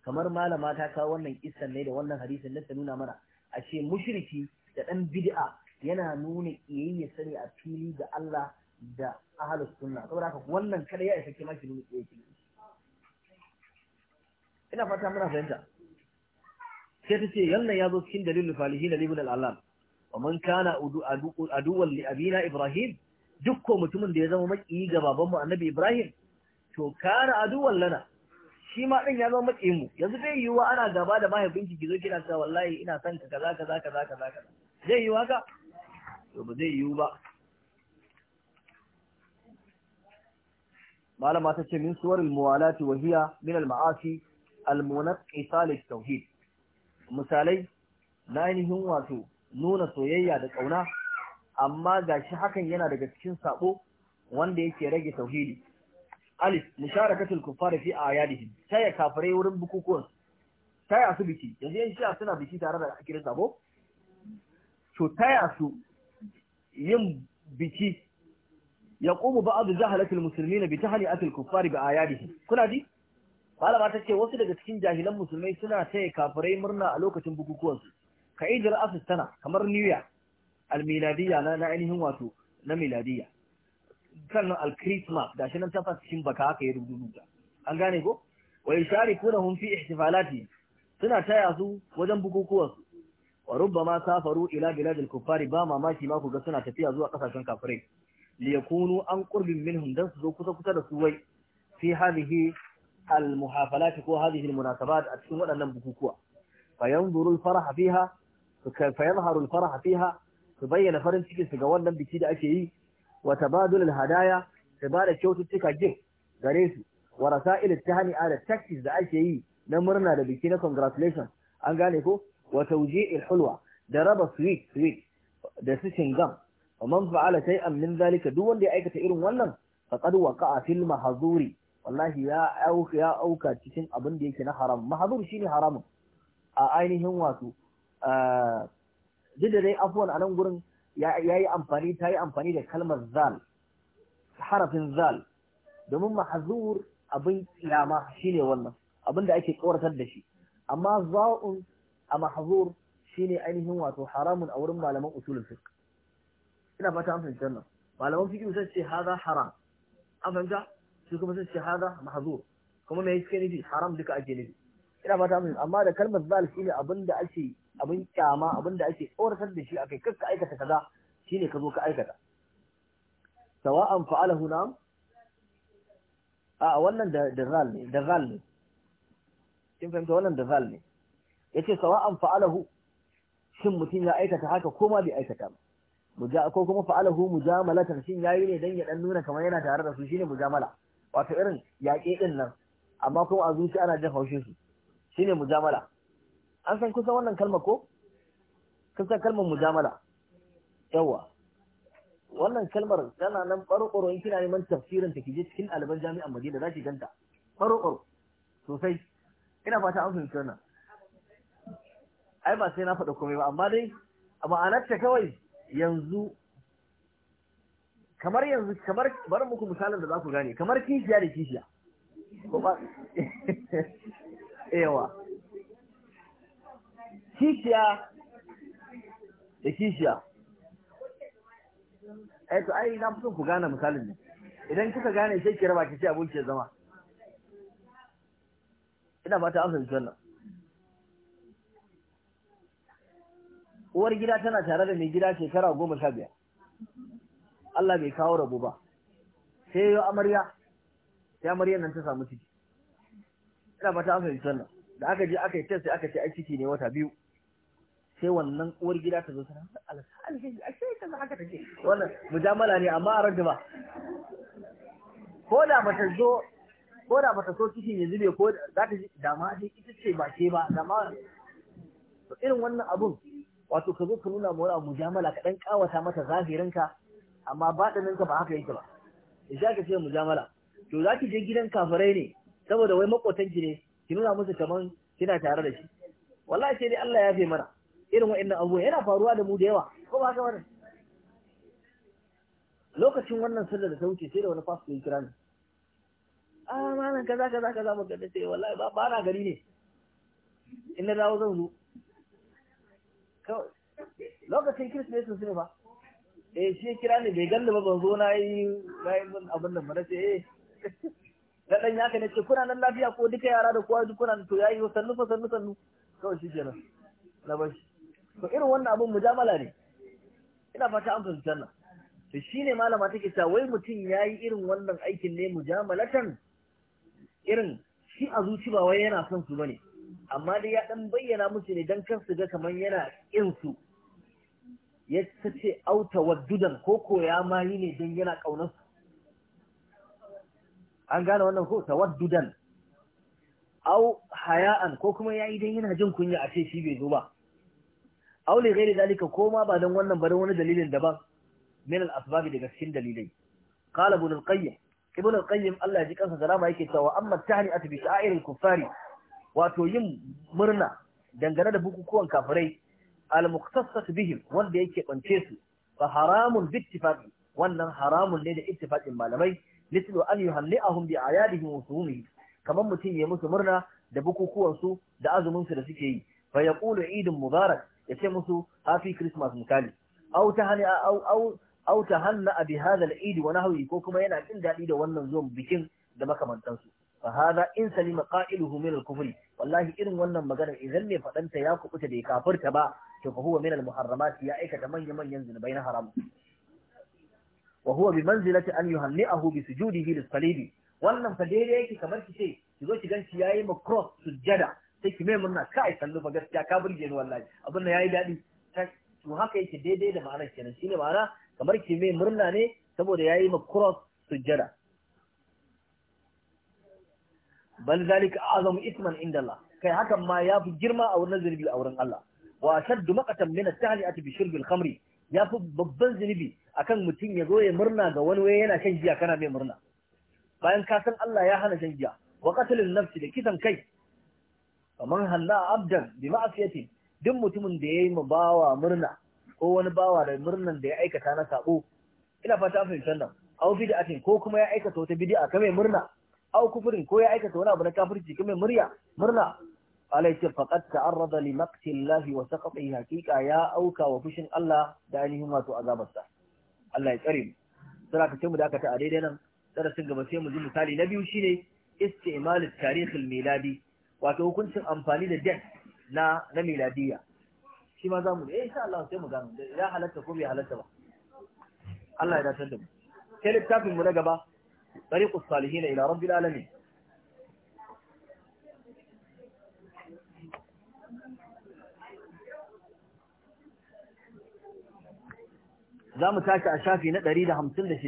kamar malama ta kawo wannan kissan ne da wannan hadisin da ta nuna mana a ce mushriki da dan bid'a yana nuna kiyayyata ne a fili ga Allah da ahlus sunna saboda haka wannan kada ya isa ke maki nuna kiyayyata ina fata muna fahimta sai ta ce yannan ya zo cikin dalilul falihin da libin al'alam wa man kana aduwan li abina ibrahim duk ko mutumin da ya zama maki ga babanmu annabi ibrahim to kana aduwan lana shi ma din ya zama maki mu yanzu zai yiwuwa ana gaba da mahaifinki ki zo kina cewa wallahi ina son ka kaza kaza kaza kaza kaza zai yiwu haka to ba zai yiwu ba malama ta ce min suwar muwalati wa hiya min al-ma'asi al-munaqqisa lit-tauhid misalai na ainihin wato nuna soyayya da ƙauna amma ga shi hakan yana daga cikin sabo wanda yake rage tauhidi alif musharakatul kuffar fi ayadihim taya kafirai wurin bukukuwan taya su biki yanzu yan shi'a suna biki tare da akirin sabo to taya su yin biki yaqumu ba'd zahalatul muslimin bi tahliyatil kuffar bi ayadihim kuna ji malama ta ce wasu daga cikin jahilan musulmai suna taya kafirai murna a lokacin bukukuwansu ka idar asus tana kamar new year almiladiyya na ainihin wato na miladiyya sannan al-christmas da shi nan ta fasa cikin baka haka ya ta an gane ko shari hun fi ihtifalati suna taya su wajen bukukuwansu wa ta safaru ila biladil kuffari ba mamaki ma ku ga suna tafiya zuwa kasashen kafirai li yakunu an qurbin minhum dan su zo kusa kusa da su wai fi hadhihi al-muhafalat ko hadhihi al-munasabat a cikin waɗannan bukukuwa fayan yanzuru al-faraha fiha fa su bayyana farin ciki su ga wannan biki da ake yi wata tabadul al-hadaya su ba da kyaututtuka gin gare su wa rasail at-tahni'a da taxis da ake yi na murna da biki na congratulation an gane ko wa tawji'il hulwa da raba sweet sweet da su gam wa man fa'ala shay'an min zalika duk wanda ya aikata irin wannan faqad a fil mahzuri wallahi ya auka ya auka cikin abin da yake na haram mahzur shine haramun a ainihin wato duk dai afwan a nan gurin yayi amfani ta yi amfani da kalmar zal harafin zal domin mahzur abin kiyama shine wannan abin da ake tsoratar da shi amma za'un a mahzur shine ainihin wato haramun a wurin malaman usulul fiqh ina fata an fahimta nan malaman fiqh sun ce hada haram an fahimta shi kuma sun shahada mahzur kuma mai yake nufi haram duka ake nufi ina fata mun amma da kalmar zal shine abin da ake abin kyama abin da ake tsoratar da shi akai kakka aikata kaza shine ka zo ka aikata sawa'an fa'alahu nam a wannan da da zal ne da zal ne kin fahimta wannan da zal ne yace sawa'an fa'alahu shin mutum ya aikata haka ko ma bai aikata ba ko kuma fa'alahu mujamalatan shin yayi ne dan ya dan nuna kamar yana tare da su shine mujamala wato irin yaƙi ɗin nan amma kuma a zuci ana jin haushin su shine mujamala an san kusan wannan kalma ko kusan kalmar mujamala yawa wannan kalmar tana nan ɓarɓaro in kina neman tafsirin ta kije cikin ɗaliban jami'an Madina za ki ganta ɓarɓaro sosai ina fata an fahimci wannan ai ba sai na faɗa komai ba amma dai a ta kawai yanzu kamar yanzu kamar bar muku misalin da za ku gane kamar kishiya da kishiya ko ba ewa kishiya da kishiya eh to ai na son ku gane misalin ne idan kika gane sai ki raba ki ce abun ke zama ina ta amsa fahimci wannan uwar gida tana tare da mai gida shekara goma sha biyar Allah bai kawo rabo ba sai yau amarya sai amarya nan ta samu ciki ina fata an yi sannan da aka je aka yi test sai aka ce ai ciki ne wata biyu sai wannan uwar gida ta zo ta alhaji a sai ta haka take wannan mujamala ne amma a ba. ko da ta zo ko da ta so ciki yanzu zube ko za ta ji dama dai ita ce ba ke ba dama irin wannan abun wato ka zo ka nuna mura mujamala ka dan kawata mata zahirinka amma baɗinin ka ba haka yake ba idan ka ce mujamala to za ki je gidan kafirai ne saboda wai makotan ki ne ki nuna musu kaman kina tare da shi wallahi sai dai Allah ya fi mana irin wa'annan abubuwa yana faruwa da mu da yawa ko ba haka wani? lokacin wannan sallar da ta wuce sai da wani fasto ya kira ni a ah, malam kaza kaza kaza mu kada dace eh, wallahi ba na gari ne in na dawo zan zo kawai lokacin kirsimeti sun ne ba eh shi kira ne bai galla ba ban zo na yi bayan mun abin nan ba na ce eh dan ya ne ce kuna nan lafiya ko duka yara da kowa duk kuna to yayi sannu fa sannu sannu kawai shi kenan na bashi to irin wannan abin mujamala ne ina fata an fahimta nan to shine malama take cewa wai mutum yayi irin wannan aikin ne mujamalatan irin shi a zuci ba wai yana son su bane amma dai ya dan bayyana musu ne dan kar su ga kaman yana kin su ya ta ce auta waddudan ko ko ya ma ne don yana ƙaunar su an gane wannan ko tawaddudan au haya'an ko kuma ya yi don yana jin kunya a ce shi bai zo ba au li ghairi zalika ko ma ba don wannan ba don wani dalilin da min al daga cikin dalilai Kala bunin al qayyim ibn Allah ya ji kansa salama yake cewa amma tahni'atu a irin kufari wato yin murna dangane da bukukuwan kafirai al-mukhtassat bihim wanda yake kwance su fa haramun bi wannan haramun ne da ittifaqin malamai litlu an yuhalli'ahum bi ayadihim wa suhumihim kaman mutum ya musu murna da bukukuwan su da azumin su da suke yi fa yaqulu idun mubarak yace musu happy christmas misali aw tahani aw aw aw tahanna bi hadha al-eid wa nahwi ko kuma yana jin dadi da wannan zuwan bikin da makamantansu fa hada in salima qa'iluhu min kufuri. wallahi irin wannan magana idan ne fadanta ya kubuta da kafirta ba to fa huwa min al-muharramat ya aikata manyan manyan zunubai na haramu. wa huwa bi manzilati an yuhanni'ahu bi sujudihi lis-salibi wannan fa daidai yake kamar ki ce ki zo ki ganci yayi ma cross sujada, sai ki mai murna kai sallu fa gaskiya ka burge ni wallahi abin nan yayi dadi to haka yake daidai da ma'anar kenan shine ma'ana kamar ki mai murna ne saboda yayi ma cross sujada bal zalika a'zamu isman inda Allah kai hakan ma yafi girma a wurin zulubi a wurin Allah wa ashaddu maqatan min at-tahli'ati bi shurbil khamri fi babban zunubi akan mutum ya zo ya murna ga wani waye yana shan giya kana mai murna bayan ka san Allah ya hana shan giya wa qatlun nafs da kisan kai faman halla abdan bi ma'asiyati duk mutumin da yayi ma bawa murna ko wani bawa da murnan da ya aikata na sako ina fata an fahimtar nan aw bid'atin ko kuma ya aikata wata bid'a ka murna aw kufurin ko ya aikata wani abu na kafirci ka mai murya murna Allah ya ce faqad ta'arrada li maqtillahi wa saqatihi haqiqa ya auka wa fushin Allah da ainihin wato azabarsa Allah ya tsare mu sai ka ce mu da aka ta a daidai nan darasin gaba sai mu ji misali na biyu shine istimalu tarihi miladi wato hukuncin amfani da date na na miladiya shi ma za zamu eh insha Allah sai mu gano ya halatta ko bai halatta ba Allah ya dace da mu sai littafin mu na gaba tariqus salihin ila rabbil alamin za mu tashi a shafi na 156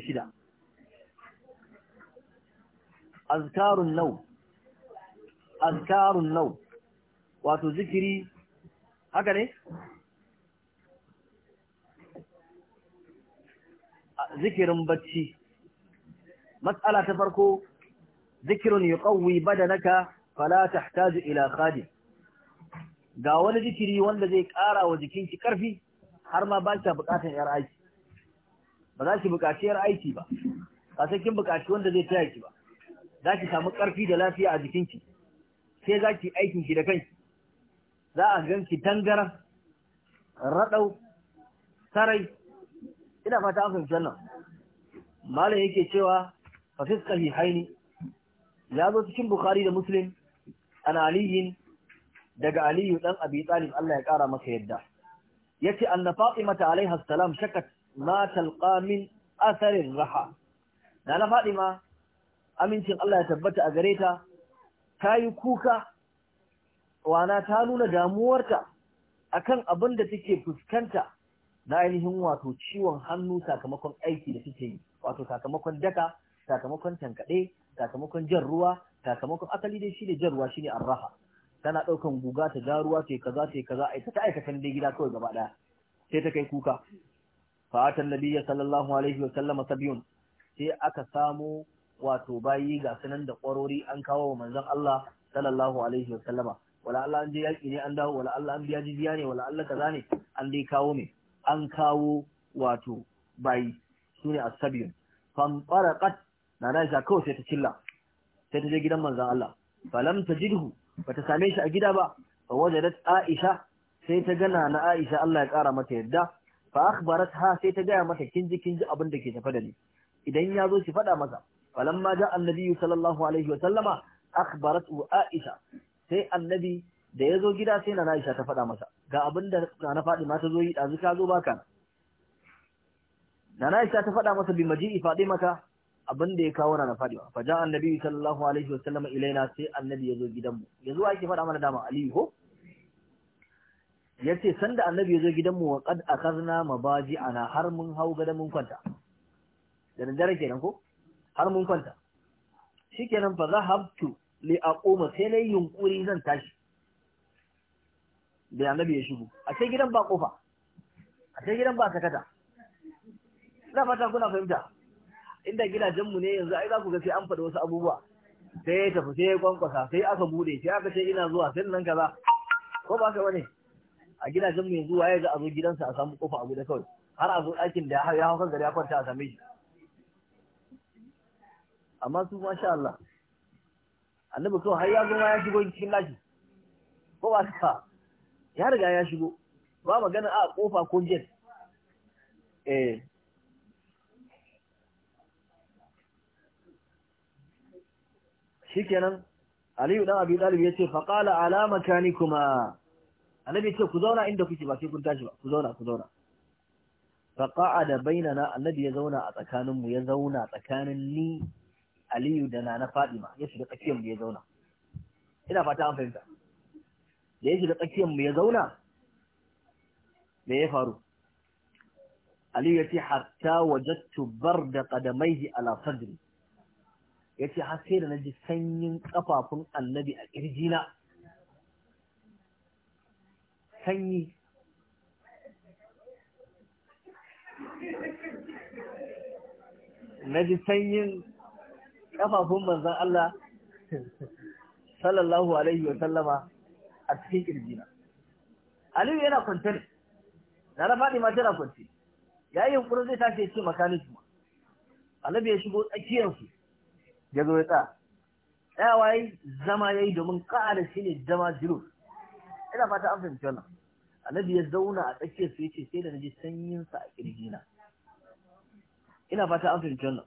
shida. azkarun nau azkarun nau wato zikiri haka ne zikirin bacci matsala ta farko zikirun da naka, fala tahtaju ila khadim ga wani jikiri wanda zai ƙara wa jikinki ƙarfi har ma ba ki buƙatar yar aiki ba za ki buƙaci yar aiki ba ba sai kin buƙaci wanda zai taya ki ba za ki samu ƙarfi da lafiya a jikinki sai za ki aikin ki da kanki za a gan ki tangaran raɗau sarai ina fata an fahimci wannan malam yake cewa fa haini ya zo cikin bukhari da muslim an aliyin daga Aliyu ɗan Abi Talib Allah ya kara masa yadda yace anna ta alaiha salam shakat ma talqa min athar raha na Fatima amincin Allah ya tabbata a gare ta tayi kuka wana ta nuna damuwarta akan abin da take fuskanta na ainihin wato ciwon hannu sakamakon aiki da take yi wato sakamakon daka sakamakon tankaɗe sakamakon jan ruwa sakamakon asali dai ne jan ruwa shine arraha tana ɗaukan guga ta ja ruwa ce kaza ta kaza ai ta aikata dai gida kawai gaba ɗaya sai ta kai kuka fa atan nabiyya sallallahu alaihi wa sallama sabiyun sai aka samu wato bayi ga sanan da kwarori an kawo wa manzon Allah sallallahu alaihi wa sallama wala Allah an je yaki ne an dawo wala Allah an biya jiziya ne wala Allah kaza ne an dai kawo ne an kawo wato bayi sune a sabiyun fam faraqat na na kawai sai ta cilla sai ta je gidan manzon Allah falam tajidhu bata same shi a gida ba fa wajadat Aisha sai ta gana na Aisha Allah ya kara mata yadda fa ha sai ta gaya mata kin ji ji abin da ke tafe da ni idan ya zo shi faɗa masa falamma ja annabi sallallahu alaihi wa sallama wa Aisha sai annabi da ya zo gida sai na Aisha ta faɗa masa ga abin da na faɗi ma ta zo yi ɗazu ka zo baka na Aisha ta faɗa masa bi maji'i maka. abin da ya kawo na fadi fa ja annabi sallallahu alaihi wa sallama ilaina sai annabi yazo gidanmu yanzu ake faɗa mana dama aliyu ko yace sanda annabi yazo gidanmu wa qad mabaji ana har mun hau ga mun kwanta da dare kenan ko har mun kwanta shikenan fa zahabtu li aquma sai nayi yunkuri zan tashi da annabi ya shigo a sai gidan ba kofa a sai gidan ba sakata ina fata kuna fahimta inda gidajenmu ne yanzu ai za ku ga sai an faɗi wasu abubuwa sai ya tafi sai ya kwankwasa sai aka bude sai aka ce ina zuwa sai nan kaza ko ba ka bane a gidajenmu yanzu waye ga a zo gidansa a samu kofa a guda kawai har a zo ɗakin da ya hau gari ya kwanta a same shi amma su masha Allah annabi kawai har ya zo ma ya shigo cikin laki ko ba ka ya riga ya shigo ba magana a kofa ko jet eh shikenan aliyu dan abi dalib yace fa qala ala makanikuma annabi yace ku zauna inda kuke ba sai kun tashi ba ku zauna ku zauna fa qa'ada bainana annabi ya zauna a tsakanin mu ya zauna tsakanin ni aliyu da nana fadima ya shiga tsakiyar mu ya zauna ina fata an fahimta da ya shiga tsakiyar mu ya zauna me ya faru aliyu yace hatta wajadtu barda qadamaihi ala sadri ya ce har sai da na ji sanyin kafafun annabi a ƙirjina sanyi na ji sanyin kafafun manzan Allah sallallahu alaihi wa sallama a cikin ƙirjina Aliyu yana kwantar na na faɗi ma tana kwanci ya yi yunkurin zai tashi ya ce kuma. annabi ya shigo tsakiyarsu ya zo ya tsaya ya ya zama ya yi domin ƙara shi ne zama jiru ina fata an fahimci wannan annabi ya zauna a tsakiyar su yace sai da na ji sanyinsa a na. ina fata an fahimci wannan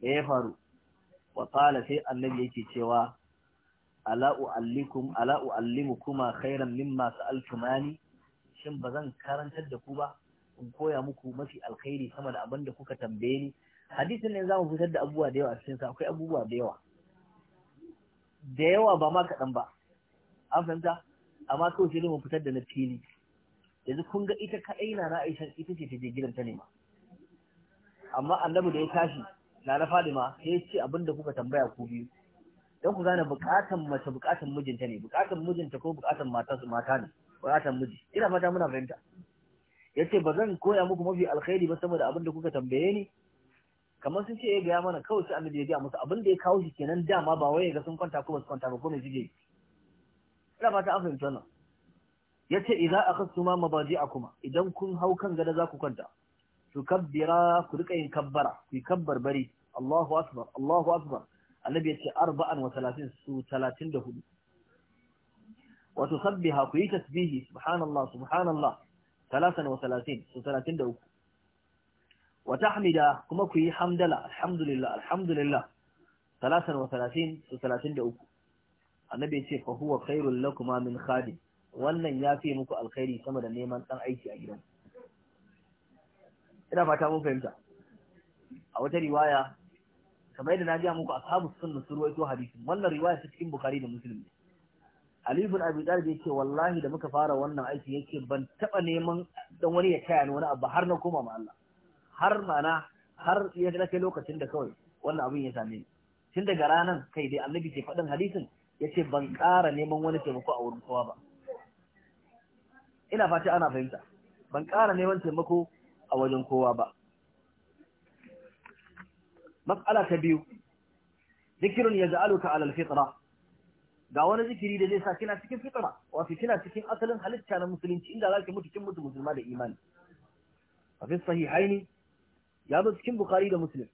me ya faru wa qala sai annabi yake cewa ala uallikum ala uallimukuma khairan mimma sa'altumani shin bazan karantar da ku ba in koya muku mafi alkhairi sama da abin da kuka tambaye ni hadisin ne za mu fitar da abubuwa da yawa a cikinsa akwai abubuwa da yawa da yawa ba ma kaɗan ba an fahimta amma kawai sai mu fitar da na fili yanzu kun ga ita kaɗai na na aisha ita ce ta je gidan ta nema amma annabi da ya tashi na na fadima sai ya ce abin da kuka tambaya ku biyu don ku gane buƙatan mace buƙatan mijinta ne buƙatan mijinta ko buƙatan mata mata ne bukatan miji ina fata muna fahimta yace ba zan koya muku mafi alkhairi ba saboda abin da kuka tambaye ni kamar sun ce ya gaya mana kawai sai annabi ya gaya musu abin da ya kawo shi kenan dama ba wai ga sun kwanta ko ba su kwanta ba ko mai suke ina fata an fahimci wannan ya ce idan aka suma mabaji a kuma idan kun hau kan gada za ku kwanta su kabbira ku rika yin kabbara ku yi kabbar bari Allahu akbar Allahu akbar annabi ya ce arba'an wa talatin su talatin da hudu wato sabbiha ku yi tasbihi subhanallah subhanallah talatan wa talatin su talatin da uku Wata Hamida kuma ku yi hamdala alhamdulillah alhamdulillah talatin wa talatin su talatin da uku annabi ce fa huwa khairul lakuma min khadim wannan ya fi muku alkhairi sama da neman dan aiki a gidan ina fata mun fahimta a wata riwaya kamar yadda na ji muku ashabu sunna su ruwaito hadisin wannan riwaya ta cikin bukhari da muslim ne Ali ibn Abi Talib yake wallahi da muka fara wannan aiki yake ban taba neman dan wani ya kaya ni wani abu har na koma ma Allah har mana har ya ga kai lokacin da kawai wannan abin ya same ni tun daga ranar kai dai annabi ke faɗin hadisin ya ce ban ƙara neman wani taimako a wurin kowa ba ina fata ana fahimta ban ƙara neman taimako a wajen kowa ba mas'ala ta biyu zikirin ya ja'aluka alal fitra ga wani zikiri da zai sa kina cikin fitra wato kina cikin asalin halitta na musulunci inda zaki mutu kin mutu musulma da imani fa fi sahihaini ya zo cikin bukhari da muslim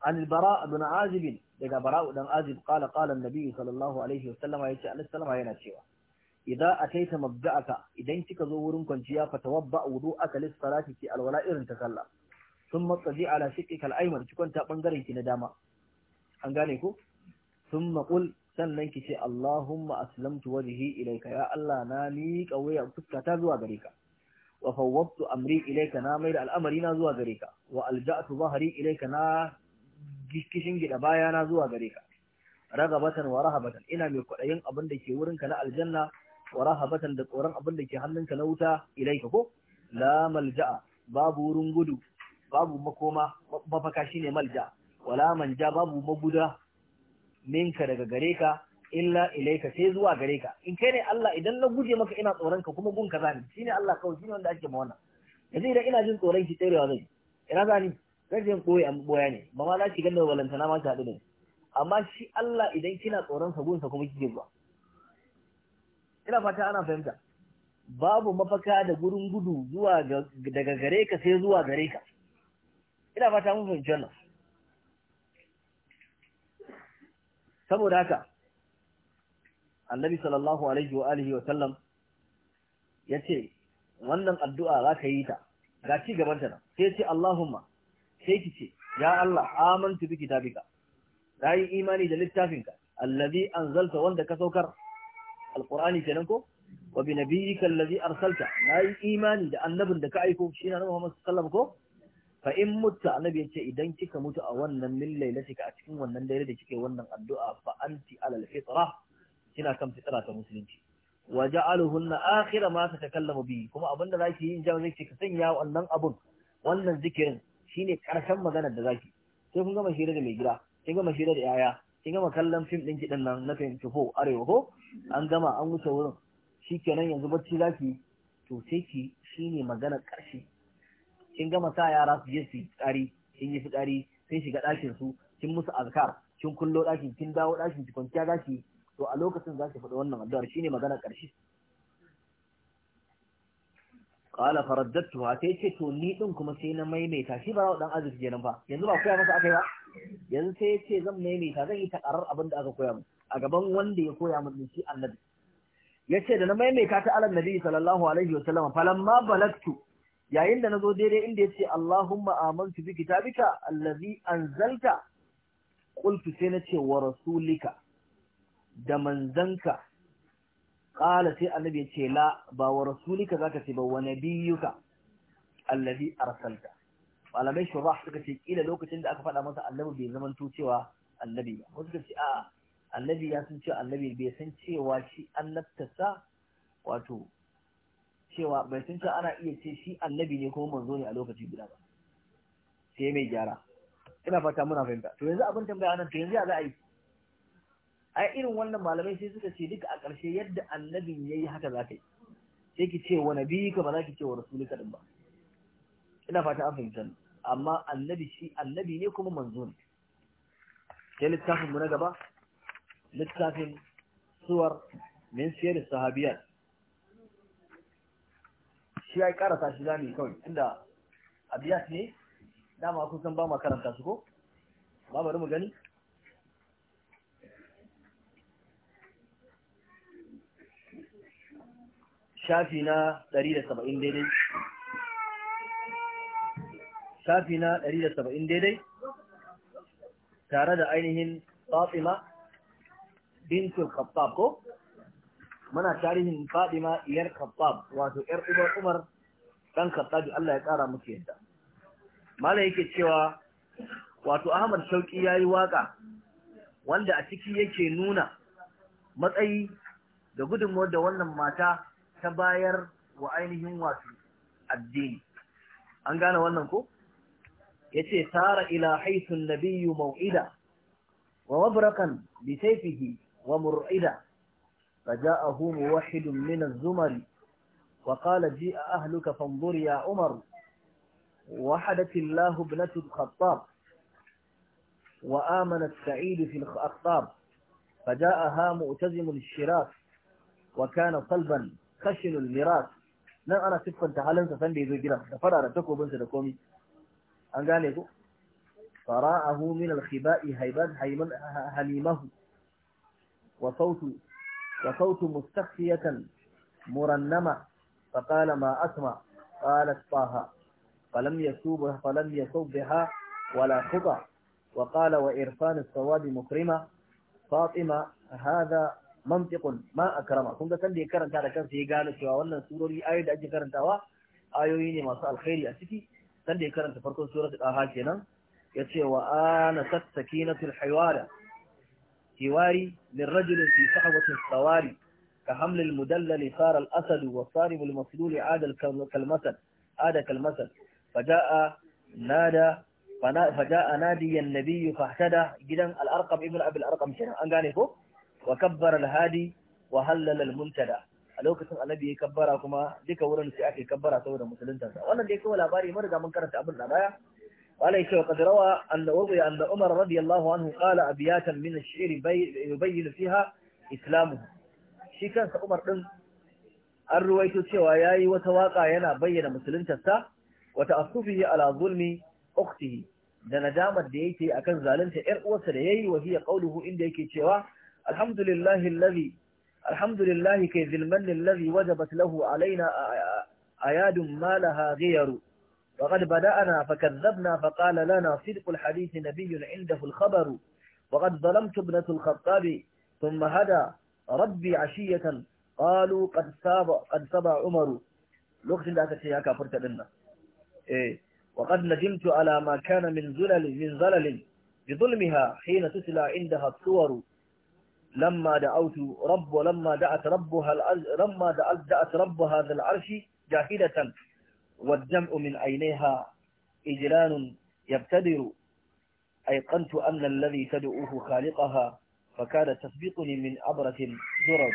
عن البراء بن عازب daga bara'u dan azib qala qala annabi sallallahu alaihi wa sallama yace annabi sallama yana cewa idza ataita mabda'aka idan kika zo wurin kwanciya fa tawadda wudu'aka lis salati ki alwala irin ta sallah thumma tadi ala shiqqika al-ayman ki kwanta bangaren ki na dama an gane ko thumma qul sannan ki ce allahumma aslamtu wajhi ilayka ya allah na miƙa waya zuwa gare ka wa fawwadtu amri ilayka na mai da al'amari na zuwa gare ka wa alja'tu zahri ilayka na kishin gida baya na zuwa gare ka ragabatan wa rahabatan ina mai kwaɗayin abin da ke wurin ka na aljanna wa rahabatan da tsoron abin da ke hannun ka na wuta ilaika ko la malja'a babu wurin gudu babu makoma mafaka shine malja'a wala manja babu maguda minka daga gare ka illa ilaika sai zuwa gare ka in kai ne Allah idan na guje maka ina tsoron ka kuma gun ka zani shine Allah kawai shine wanda ake ma wannan yanzu idan ina jin tsoron ki tsirewa zai ina zani zan je koyi an boya ne ba ma za ki ganda balantana ma ta ne amma shi Allah idan kina tsoron sa gun sa kuma kike zuwa ina fata ana fahimta babu mafaka da gurin gudu zuwa daga gare ka sai zuwa gare ka ina fata mun fahimci wannan saboda haka annabi sallallahu alaihi wa alihi wa sallam yace wannan addu'a za ka yi ta ga ci gaban ta nan sai ce Allahumma sai ki ce ya Allah amantu bi kitabika dai imani da littafinka allazi anzalta wanda ka saukar alqur'ani kenan ko wa bi nabiyyika allazi arsalta dai imani da annabin da ka aiko shi na Muhammad sallallahu ko fa in mutta annabi yace idan kika mutu a wannan min lailatika a cikin wannan dare da kike wannan addu'a fa anti alal fitra kina kan fitira ta musulunci wa ja'aluhunna akhira ma tatakallamu bi kuma abinda zaki yin jan zai ce ka sanya wannan abun wannan zikirin shine karshen maganar da zaki sai kun gama shirye da mai gida kin gama shirye da yaya kin gama kallon fim din kidan nan na fim kifo arewa ko an gama an wuce wurin shikenan yanzu bacci zaki to sai ki shine maganar karshe kin gama sa yara su je su tsari kin yi tsari sai shiga dakin su kin musu azkar kin kullo ɗakin kin dawo ɗakin ki kwanciya zaki to a lokacin za ki faɗi wannan addu'ar shine magana ƙarshe qala faraddattuha sai ce to ni din kuma sai na maimaita shi ba dan azuki kenan fa yanzu ba koya masa akai ba yanzu sai ce zan maimaita zan yi takarar abin da aka koya mu a gaban wanda ya koya mu shi annabi yace da na maimaita ta alan nabi sallallahu alaihi wa sallam ma balagtu yayin da nazo daidai inda yace Allahumma amantu bi kitabika allazi anzalta qultu sai nace wa rasulika da manzanka ƙala sai annabi ya ce la ba wa rasulika za ka ce ba wa nabiyuka allazi arsalta malamai shura suka ce kila lokacin da aka faɗa masa annabi bai zaman cewa annabi ba wasu suka ce a'a annabi ya san cewa annabi bai san cewa shi annabtasa wato cewa bai san cewa ana iya ce shi annabi ne kuma manzo ne a lokaci guda ba sai mai gyara ina fata muna fahimta to yanzu abin tambaya nan to yanzu ya za a yi ai irin wannan malamai sai suka ce duka a ƙarshe yadda annabin ya yi haka za ka yi sai ki ce wa nabi ka ba za ki ce wa rasuli din ba ina fata an fahimta amma annabi shi annabi ne kuma manzo ne sai littafin mu na gaba littafin suwar min siyar sahabiyar shi ya karasa shi yi kawai inda abiyas ne dama kusan ba ma karanta su ko ba bari mu gani shafi na 170 daidai shafi na 170 daidai tare da ainihin Fatima Bintu Khattab ko muna tarihin Fatima iyar Khattab wato 'yar Umar Umar dan Khattab Allah ya kara musu yadda mala yake cewa wato Ahmad Shauki yi waka wanda a ciki yake nuna matsayi da gudunmuwar da wannan mata تباير وعينهم واسل الدين أنقانا وننكو يتسار إلى حيث النبي موئدا ومبرقا بسيفه ومرئدا فجاءه موحد من الزمر وقال جاء أهلك فانظر يا عمر وحدت الله ابنة الخطاب وآمن السعيد في الأخطاب فجاءها مؤتزم للشراف وكان قلبا khashinul miras nan ana siffanta halinsa san da ya zo gidan da fara da takobinsa da komi an gane ku fara'ahu min al-khiba'i hayban hayman halimahu wa sautu wa sautu mustakhiyatan murannama فقال ما أسمع قالت طه فلم يسوبها فلم يسوب بها ولا خطأ وقال وإرفان السواد مكرمة فاطمة هذا منطق ما أكرمه كم تسلل يكرن تارا كان في قالة وولا سوري آية أجي كرن تاوا آيوين مصال الخير يأسكي تسلل يكرن تفرقون سورة الأهاجنا يتسي وآنست سكينة الحوار حواري من رجل في صحبة الصواري كحمل المدلل صار الأسد والصارم المصدول عاد كالمثل عاد كالمثل فجاء نادى فجاء نادي النبي فاحتدى جدا الأرقم ابن أبي الأرقم شنو أنقاني فوق wa kabbara hadi wa halala muntada a lokacin annabi ya kabbara kuma duka wurin sai aka kabbara saboda musuluntarsa wannan dai kawai labari mun riga mun karanta abin da baya wala yake wa qad rawa anna umar radiyallahu anhu qala abiyatan min ash-shi'r yubayyin fiha shi kansa umar din an ruwaito cewa yayi wata waka yana bayyana musuluntarsa wa ta'assufihi ala zulmi ukhtihi da nadamar da yake akan zalunta yar uwarsa da yayi wa hiya qawluhu inda yake cewa الحمد لله الذي الحمد لله كذي المن الذي وجبت له علينا أياد ما لها غير وقد بدأنا فكذبنا فقال لنا صدق الحديث نبي عنده الخبر وقد ظلمت ابنة الخطاب ثم هدى ربي عشية قالوا قد صاب قد صاب عمر لوكتين لا aka ce ya وقد ندمت على ما كان من زلل من زلل بظلمها حين تتلى عندها الصور لما دعوت رب ولما دعت ربها لما دعت رب هذا العرش جاهدة والدمع من عينيها إجلان يبتدر أيقنت أن الذي تدعوه خالقها فكان تسبقني من عبرة درر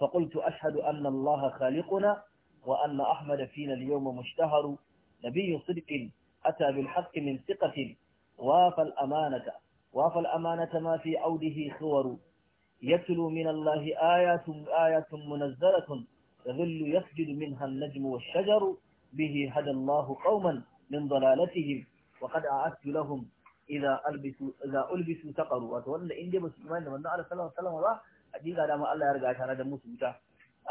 فقلت أشهد أن الله خالقنا وأن أحمد فينا اليوم مشتهر نبي صدق أتى بالحق من ثقة وافى الأمانة وافى الأمانة ما في عوده خور يتلو من الله آيات آيات منزلة يظل يسجد منها النجم والشجر به هدى الله قوما من ضلالتهم وقد أعدت لهم إذا ألبسوا إذا ألبسوا تقروا وتولى إن جبس إيمان من على صلى الله عليه وسلم ما دام الله يرجع شانا دموس بتاع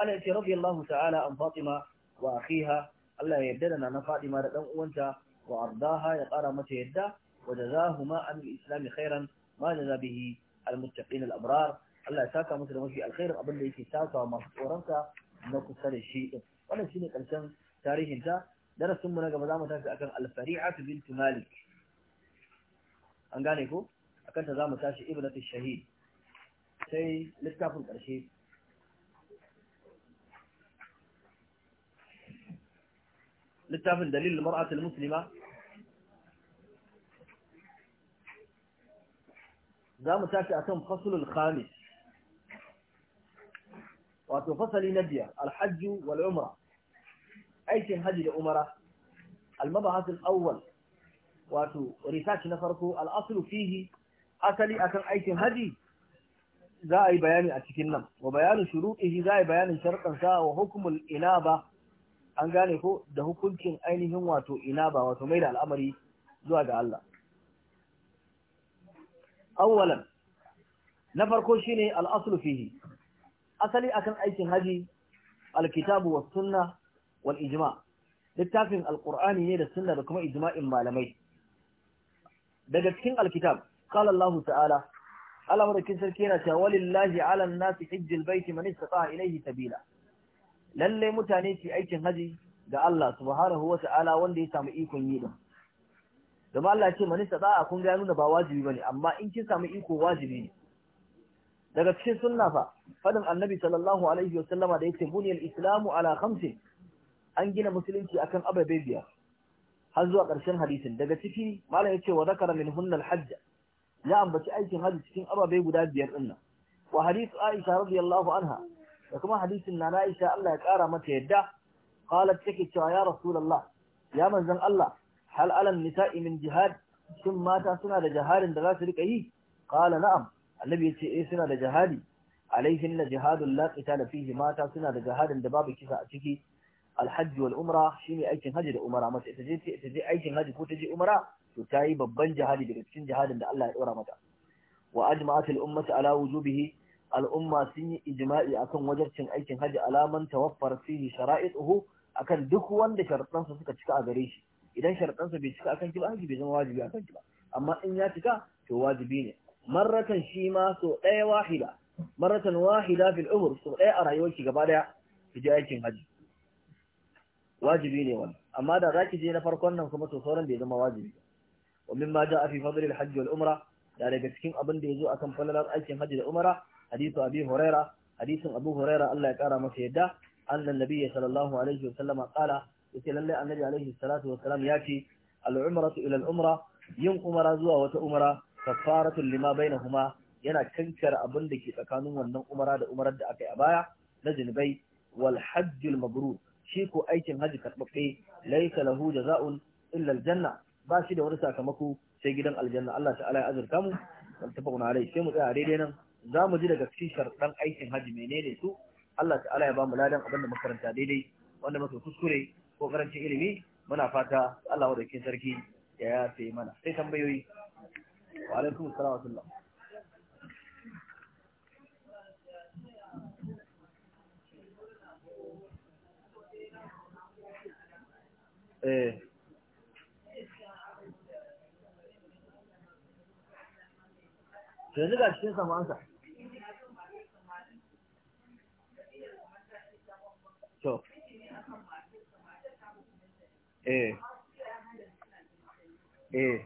أنا رضي الله تعالى عن فاطمة وأخيها الله يبدلنا أن فاطمة ردن أونتا وأرضاها يقارى متى يدا وجزاهما عن الإسلام خيرا ما جزى به المتقين الأبرار Allah ya saka musu da mafi alkhairin abin da yake saka masu tsoronka na kusa da shi din wannan shine karshen tarihin ta darasin mu na gaba zamu tafi akan al-fari'atu bint malik an gane ko akan ta zamu tashi ibnatu shahid sai littafin karshe littafin dalilin mar'atul muslima za mu tashi akan kan fasulul khamis wato fasali na biyar alhajju wal umra aikin haji da umara al-mabahath al-awwal wato research na farko al-aslu fihi asali akan aikin haji za a yi bayani a cikin nan wa bayanin shuruɗihi za a yi bayanin sharɗansa wa hukumul inaba an gane ko da hukuncin ainihin wato inaba wato mai da al'amari zuwa ga Allah awwalan na farko shine al'aslu fihi asali akan aikin haji alkitabu wa sunna wal ijma littafin alqur'ani ne da sunna da kuma ijma'in malamai daga cikin alkitab qala Allah ta'ala Allah madaukin sarki yana cewa walillahi 'ala nasi hajjul baiti man istata'a ilayhi sabila lalle mutane su aikin haji ga Allah subhanahu wa ta'ala wanda ya samu ikon yi din domin Allah ya ce man istata'a kun ga nuna ba wajibi bane amma in kin samu iko wajibi ne daga cikin sunna fa fadin annabi sallallahu alaihi wasallama da yake buniyar islamu ala khamsin an gina musulunci akan ababe biyar har zuwa ƙarshen hadisin daga ciki malam yace wa zakara min hunnal hajj ya ambaci aikin hajji cikin ababe guda biyar din nan wa hadith aisha radiyallahu anha da kuma hadisin na aisha Allah ya kara mata yadda qalat take cewa ya rasulullah ya manzon Allah hal alan nisa'i min jihad shin mata suna da jaharin da za su rika yi qala na'am annabi yace eh suna da jihadi alaihin na jihadun la qitala fihi mata suna da jihadin da babu kisa a ciki alhajj wal umra shine aikin haji da umra mata ita je ita je aikin haji ko ta je umra to tayi babban jihadi daga cikin jihadin da Allah ya dora mata wa ajma'at al ummatu ala wujubihi al umma sun yi ijma'i akan cin aikin hajji alaman tawaffar fihi shara'ituhu akan duk wanda sharaɗansa suka cika a gare shi idan sharaɗansa bai cika akan ki ba bai zama wajibi akan ki ba amma in ya cika to wajibi ne marratan shi ma so ɗaya wahida marratan wahida fil umur so ɗaya a rayuwar ki gaba daya ki je aikin hajji wajibi ne wani amma da zaki je na farkon nan kuma to sauran bai zama wajibi wa mimma ja'a fi fadl al wal umra da daga cikin abin da yazo akan falalar aikin hajji da umra hadithu abi huraira hadisin abu huraira Allah ya kara masa yadda annan nabiyyi sallallahu alaihi wasallama qala yace lalle annabi alaihi salatu wasalam ya ce al umratu ila al umra yin umara zuwa wata umara kafaratun lima bainahuma yana kankar abin da ke tsakanin wannan umara da umarar da aka yi a baya na zunubai wal hajjul shi ko aikin haji karɓaɓɓe laisa lahu jaza'un illa aljanna ba shi da wani sakamako sai gidan aljanna Allah ta'ala ya azurta mu wal na alai sai mu tsaya daidai nan za mu ji daga cikin sharɗan aikin haji menene su Allah ta'ala ya ba mu ladan abin da makaranta daidai wanda muka kuskure ko karancin ilimi muna fata Allah wa sarki ya yafe mana sai tambayoyi wa السلام assalam الله eh eh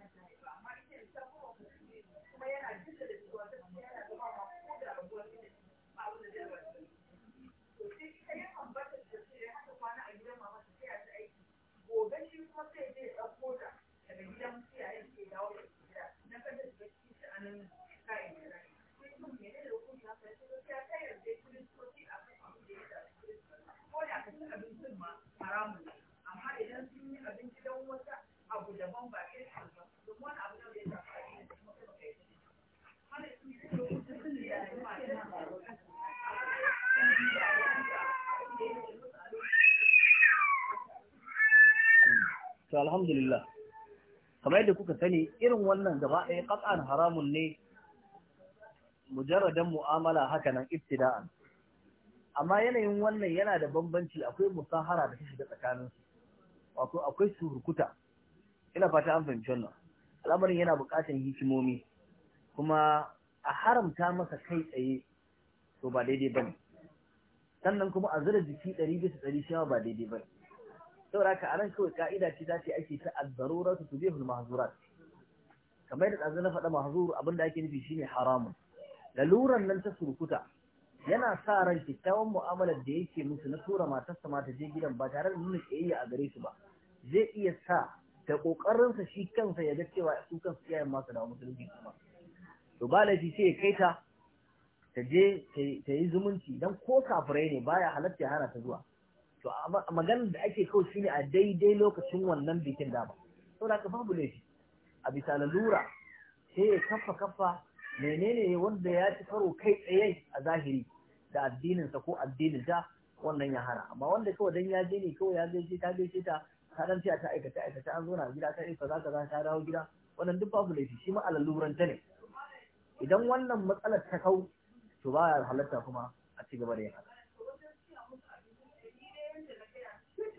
kuma sai zai ɗauko ta daga gidan iyayen ke dawo da na kada anan kayan da rai sai kun ya ta ta a kan abu da ya shafi kiristoci ko da ma amma idan sun yi abinci don wata abu daban ba kiristoci domin wani abu da ya to alhamdulillah kamar yadda kuka sani irin wannan gaba ɗaya ƙas'an haramun ne mujarradan mu'amala haka nan ibtida'an amma yanayin wannan yana da bambanci akwai musahara da ta shiga tsakanin wato akwai surkuta ina fata an fahimci wannan al'amarin yana buƙatar hikimomi kuma a haramta masa kai tsaye to ba daidai bane sannan kuma a zura jiki ɗari bisa ɗari shi ba daidai bane saboda ka anan kawai ka'ida ce za ta yi ake ta ad-darura tubihu al-mahzurat kamar da ɗazu na faɗa mahzur abin da ake nufi shine haramun laluran nan ta surkuta yana sa ran kyakkyawan mu'amalar da yake musu na tura matarsa ma ta je gidan ba tare da nuna kiyayya a gare su ba zai iya sa da ƙoƙarinsa shi kansa ya ga cewa su kansu iyayen masu da musulunci kuma to ba laifi sai ya kai ta ta je ta yi zumunci dan ko kafirai ne baya halatta ya hana ta zuwa to maganar da ake kawai shine a daidai lokacin wannan bikin dama saboda ka babu laifi a bisa lalura sai ya kafa kafa menene wanda ya ci karo kai tsaye a zahiri da addininsa ko addinin ta wannan ya hana amma wanda kawai dan ya je ne kawai ya gaishe ta gaishe ta ta dan ta aikata aikata an zo na gida ta aika za ka ta dawo gida wannan duk babu laifi shi ma ta ne idan wannan matsalar ta kau to ba halatta kuma a ci gaba da yin haka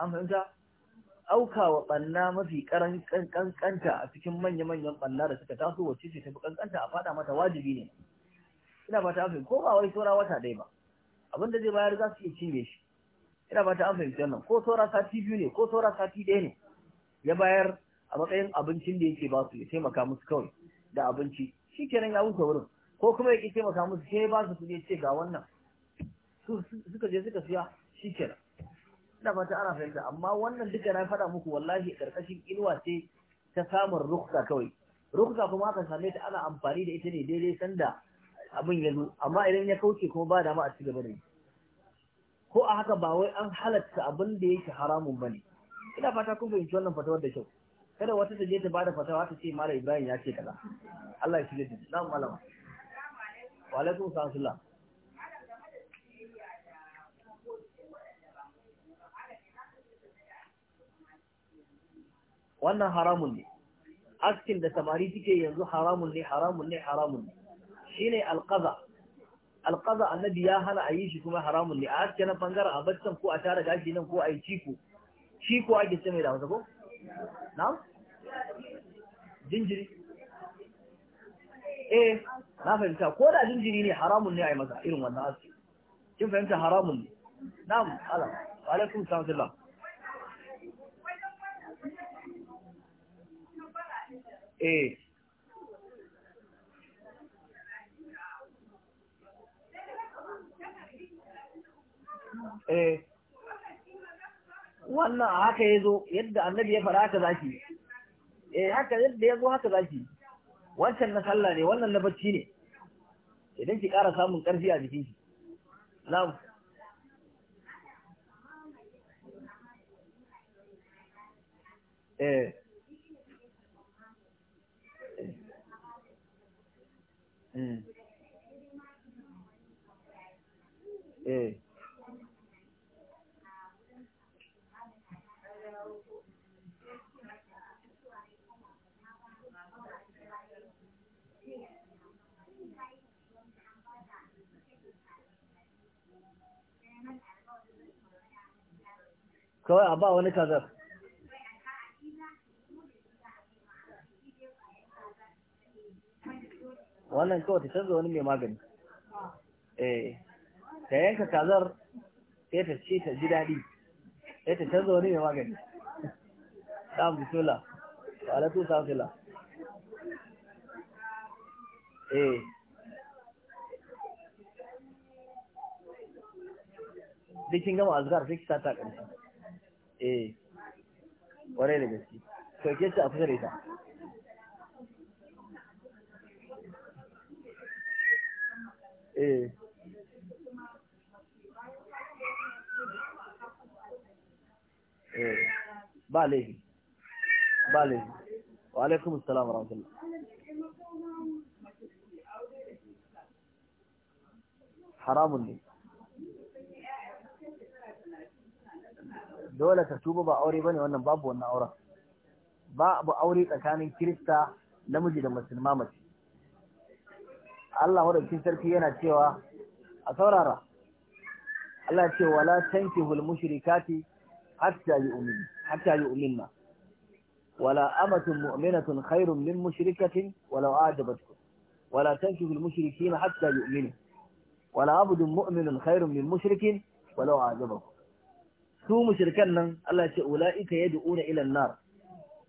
an fahimta wa ɓanna mafi kankanta a cikin manya-manyan ɓanna da suka taso wacce ce tafi kankanta a faɗa mata wajibi ne ina fata an ko ba wai saura wata ɗaya ba abinda zai bayar za su iya cinye shi ina fata an fahimci nan ko saura sati biyu ne ko saura sati ɗaya ne ya bayar a matsayin abincin da yake ba su ya taimaka musu kawai da abinci shi kenan ya wuce wurin ko kuma ya ke taimaka musu sai ba su kuɗi ce ga wannan su suka je suka siya shi kenan ina fata ana fahimta amma wannan duka na fada muku wallahi karkashin inuwa ce ta samun rukka kawai rukka kuma aka same ta ana amfani da ita ne daidai sanda abin ya zo amma idan ya kauce kuma ba dama a ci gaba da yi ko a haka ba wai an halatta abin da yake haramun bane ina fata kun fahimci wannan fatawar da kyau kada wata ta je ta bada fatawa ta ce malam ibrahim ya ce kaza Allah ya shirye ta na'am malama wa alaikum salam wannan haramun ne askin da samari suke yanzu haramun ne haramun ne haramun ne shine alqaza alqaza annabi ya hana a yi shi kuma haramun ne a aske na bangaren a baccan ko a tara gashi nan ko a yi ciko ciko ake ce mai da hausa ko na'am jinjiri eh na fahimta ko da jinjiri ne haramun ne a yi masa irin wannan aski kin fahimta haramun ne na'am ala alaikum salam eh eh wannan haka ya zo yadda annabi ya fara haka zaki eh haka yadda ya zo haka zaki wancan na sallah ne wannan na bacci ne idan ki ƙara samun ƙarfi a jikin ki na'am eh Eh. Eh. kawai a ba wani kazar wannan kawai ta canza wani mai magani eh ta yanka kazar sai ta ce ta ji daɗi sai ta canza wani mai magani sam bisula wa alaikum salam eh duk kin gama azgar sai ki ta ƙarshe eh ƙwarai da gaske Kai ke ce a kusa da ita ايه ايه بالي وعليكم السلام ورحمه الله حرام لي دولة تشوب باوري بني وانا باب وانا اورا باب اوري تكاني كريستا لمجد مسلمامتي Allah madaukakin sarki yana cewa a saurara Allah ce wala tankihul mushrikati hatta yu'min hatta yu'minna wala amatun mu'minatun khairun min mushrikatin walau ajabatkum wala tankihul mushrikina hatta yu'minu wala abdun mu'minun khairun min mushrikin walau ajabakum su mushrikan nan Allah ce ulaika yad'una ila an-nar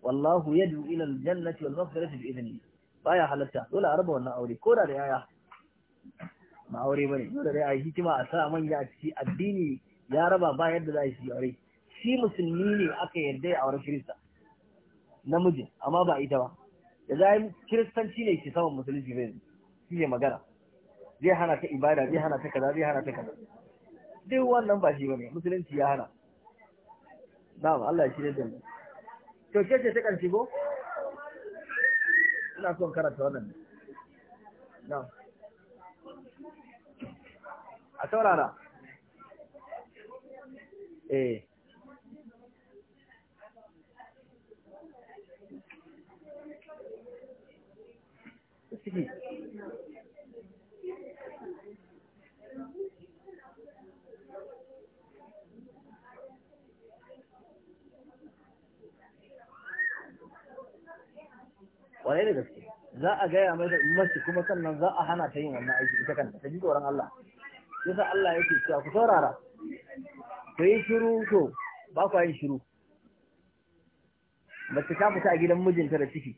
wallahu yad'u ila al-jannati wal maghfirati bi idhnihi baya halatta dole a raba wannan aure ko da da yaya ma aure bane dole dai a yi hikima a sa manya a ciki addini ya raba ba yadda za a yi aure shi musulmi ne aka yarda ya wurin kirista namiji amma ba ita ba da za kiristanci ne ke saman musulunci zai shi ne magana zai hana ta ibada zai hana ta kaza zai hana ta kaza duk wannan ba shi bane musulunci ya hana na'am Allah ya shirye da mu to ce ce ta karshe go ina son karanta wannan na a saurara eh Thank you. kwarai da gaske za a gaya mai mace kuma sannan za a hana ta yin wannan aiki ita kanta ta ji tsoron Allah yasa Allah yake cewa ku saurara ku yi shiru to ba ku yin shiru mace ta fita a gidan mijinta da ciki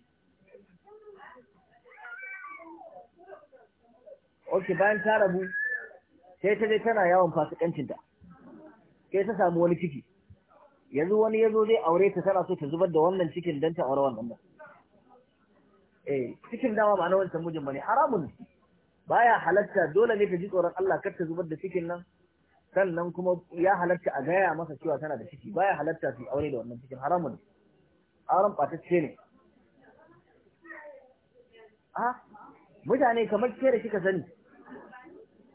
ok bayan ta rabu sai ta je tana yawon fasikancinta sai ta samu wani ciki yanzu wani ya zo zai aure ta tana so ta zubar da wannan cikin don ta aure wannan ba eh cikin dama ma'ana wannan wancan mijin bane haramun baya halatta dole ne ta ji tsoron Allah kar ta zubar da cikin nan sannan kuma ya halatta a gaya masa cewa tana da ciki baya halatta su aure da wannan cikin haramun auren ɓatacce ne a ah, mutane kamar ke da kika sani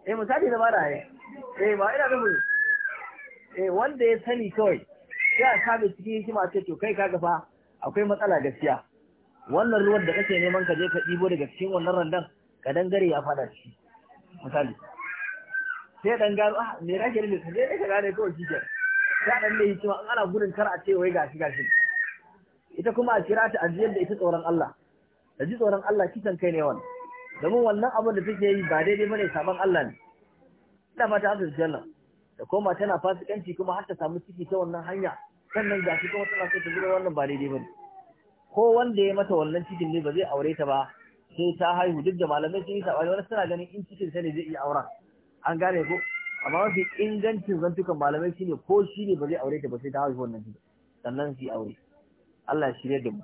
eh misali na bada ne eh ba ina nufin eh wanda ya sani kawai sai a sabe cikin hikima ce to kai kaga fa akwai matsala gaskiya wannan ruwan da kake neman ka je ka ɗibo daga cikin wannan randan ka dangare ya fada ciki misali sai dan gano ah me kake ne sai je ka gane kawai shi sai dan ne hikima an ana gudun kar a ce wai gashi gashi ita kuma a kira ta ajiyar da ita tsoron Allah da ji tsoron Allah kisan kai ne wannan domin wannan abin da take yi ba daidai bane saban Allah ne ina fata a zuciya nan da koma tana fasikanci kuma har ta samu ciki ta wannan hanya sannan gashi kuma tana so ta zuba wannan ba daidai bane ko wanda ya mata wannan cikin ne ba zai aure ta ba sai ta haihu duk da malamai sun yi sabani wani suna ganin in cikin sa ne zai iya auren an gane ko amma mafi ingancin zantukan malamai shine ko shi ne ba zai aure ta ba sai ta haihu wannan cikin sannan su yi aure Allah ya shirya da mu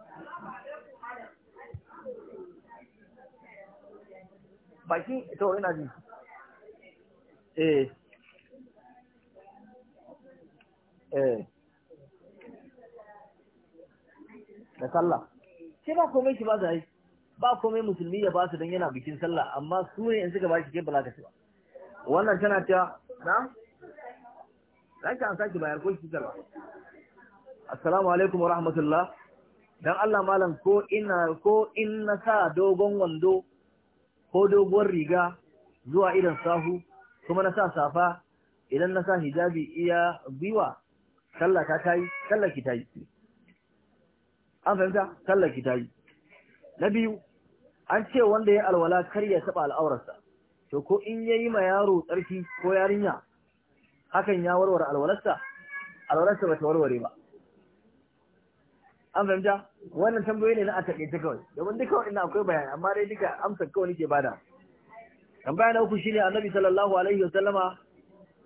baki to ina ji eh eh da sallah shi ba komai shi ba su yi ba komai musulmi ya ba su don yana bikin sallah amma su ne in suka ba shi ke ba ba wannan tana ta na za ki an sake bayar ko shi sallah assalamu alaikum wa rahmatullah Don Allah malam ko ina ko in na sa dogon wando ko doguwar riga zuwa idan sahu kuma na sa safa idan na sa hijabi iya biwa sallah ta tayi sallah ki tayi an fahimta sallar ki yi na biyu an ce wanda ya alwala kar ya taba al'aurarsa to ko in ya yi ma yaro tsarki ko yarinya hakan ya warware alwalarsa alwalarsa ba ta warware ba an fahimta wannan tambayoyi ne na a ta kawai domin duka waɗannan akwai bayani amma dai duka amsar kawai nake bada tambaya na uku shine annabi sallallahu alaihi wa sallama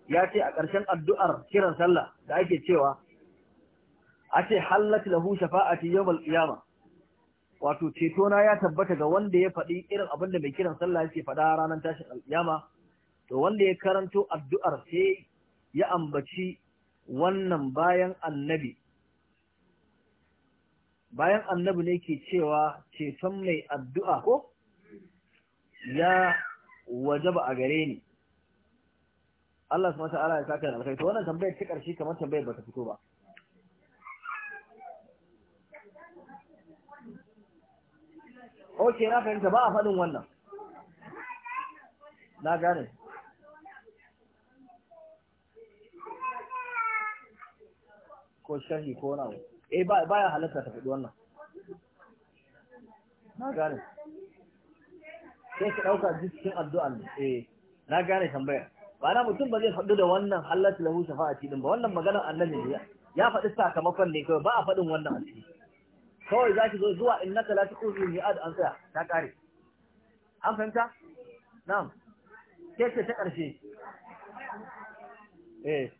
ya ce a ƙarshen addu'ar kiran sallah da ake cewa a ce hallat lahu shafa'ati yawmal qiyama wato ceto na ya tabbata ga wanda ya faɗi irin abin da mai kiran sallah yake faɗa ranar tashin alƙiyama to wanda ya karanto addu'ar sai ya ambaci wannan bayan annabi bayan annabi ne ke cewa ceton mai addu'a ko ya wajaba a gare ni Allah subhanahu wa ta'ala ya saka da alkhairi to wannan tambayar ta karshe kamar tambayar ba ta fito ba ok na fahimta ba a faɗin wannan na gane ko shahi ko nawa eh ba ya halatta ta faɗi wannan na gane sai ka ɗauka cikin addu'an ne eh na gane tambaya, ba na mutum ba zai faɗi da wannan halatta lahu shafa'ati cikin ba wannan maganar annabi ne ya faɗi sakamakon ne kawai ba a faɗin wannan a cikin kawai za ki zo zuwa in naka la tuqulu mi'ad an tsaya ta kare an fahimta na'am ke ce ta karshe eh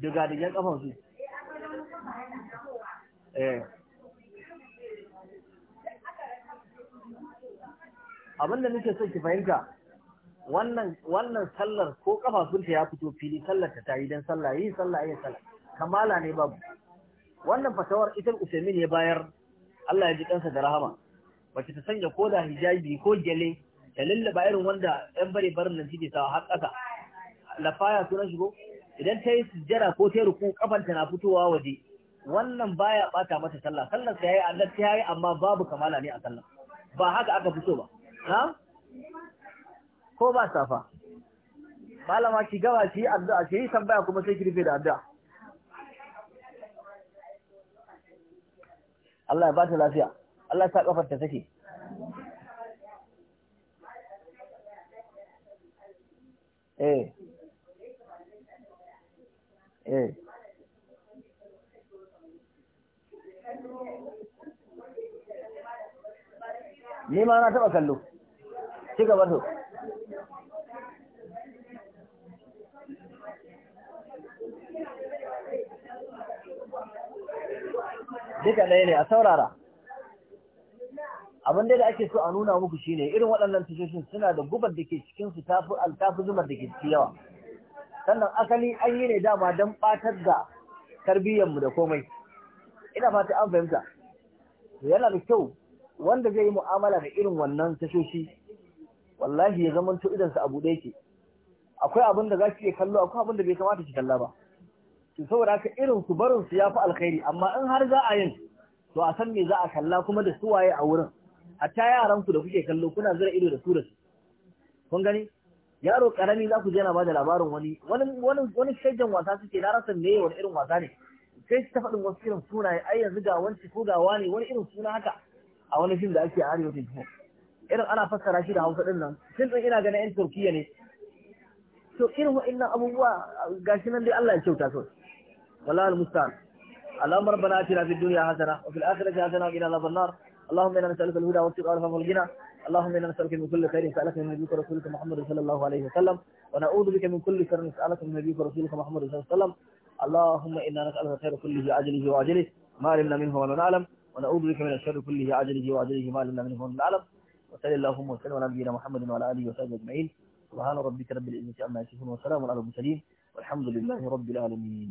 Diga-digen ƙafansu. Eh. abin da nake son ki fahimta wannan wannan sallar ko kafafunta ya fito fili sallar ta yi dan sallah yi sallah ayi sallah kamala ne babu wannan fatawar ita Usaimin ya bayar Allah ya ji kansa da rahama bace ta sanya ko da hijabi ko gele ta lallaba irin wanda yan bare barin nan sawa har ƙasa lafaya su shigo idan ta yi sujjara ko ta yi ruku kafanta na fitowa waje wannan baya bata mata sallah sallar ta yayi Allah ta yayi amma babu kamala ne a sallah ba haka aka fito ba Ha? ko ba safa malama ki gawa ki addu'a ki yi tambaya kuma sai ki rufe da addu'a Allah ya ba ta lafiya Allah ya sa kafar ta take eh eh ni ma na taba kallo ci gaba duka ɗaya ne a saurara abin da ake so a nuna muku shine irin waɗannan tashoshin suna da gubar da ke cikin su tafi altafi da ke ciki yawa sannan asali an yi ne dama don batar da tarbiyyarmu da komai ina fata an fahimta yana da kyau wanda zai yi mu'amala da irin wannan tashoshi wallahi ya zama to idan sa abu da yake akwai abin da zaki iya kallo akwai abin da bai kamata ki kalla ba to saboda haka irin su barin su yafi alkhairi amma in har za a yin to a san me za a kalla kuma da su waye a wurin hatta yaran ku da kuke kallo kuna zira ido da su kun gani yaro karami za ku je na bada labarin wani wani wani shejjan wasa suke na rasa meye wani irin wasa ne sai ta faɗin wasu irin sunaye ai yanzu ga wanci ko ga wani wani irin suna haka a wani fim da ake a arewa ta irin ana fassara shi da hausa din nan sun din ina ganin yan turkiya ne to irin wa'annan abubuwa gashi nan dai Allah ya kyauta so wallahi almustaan اللهم ربنا اتنا في الدنيا حسنه وفي الاخره حسنه وقنا عذاب النار اللهم انا نسالك الهدى والتقى والعفو والغنى اللهم انا نسالك من كل خير سالك من نبيك ورسولك محمد صلى الله عليه وسلم ونعوذ بك من كل شر نسالك من نبيك ورسولك محمد صلى الله عليه وسلم اللهم انا نسالك الخير كله عاجله واجله ما علمنا منه ولا نعلم ونعوذ بك من الشر كله عاجله واجله ما علمنا منه ولا نعلم وصلى اللهم وسلم على نبينا محمد وعلى اله وصحبه اجمعين سبحان ربك رب العزه عما يصفون وسلام على المرسلين والحمد لله رب العالمين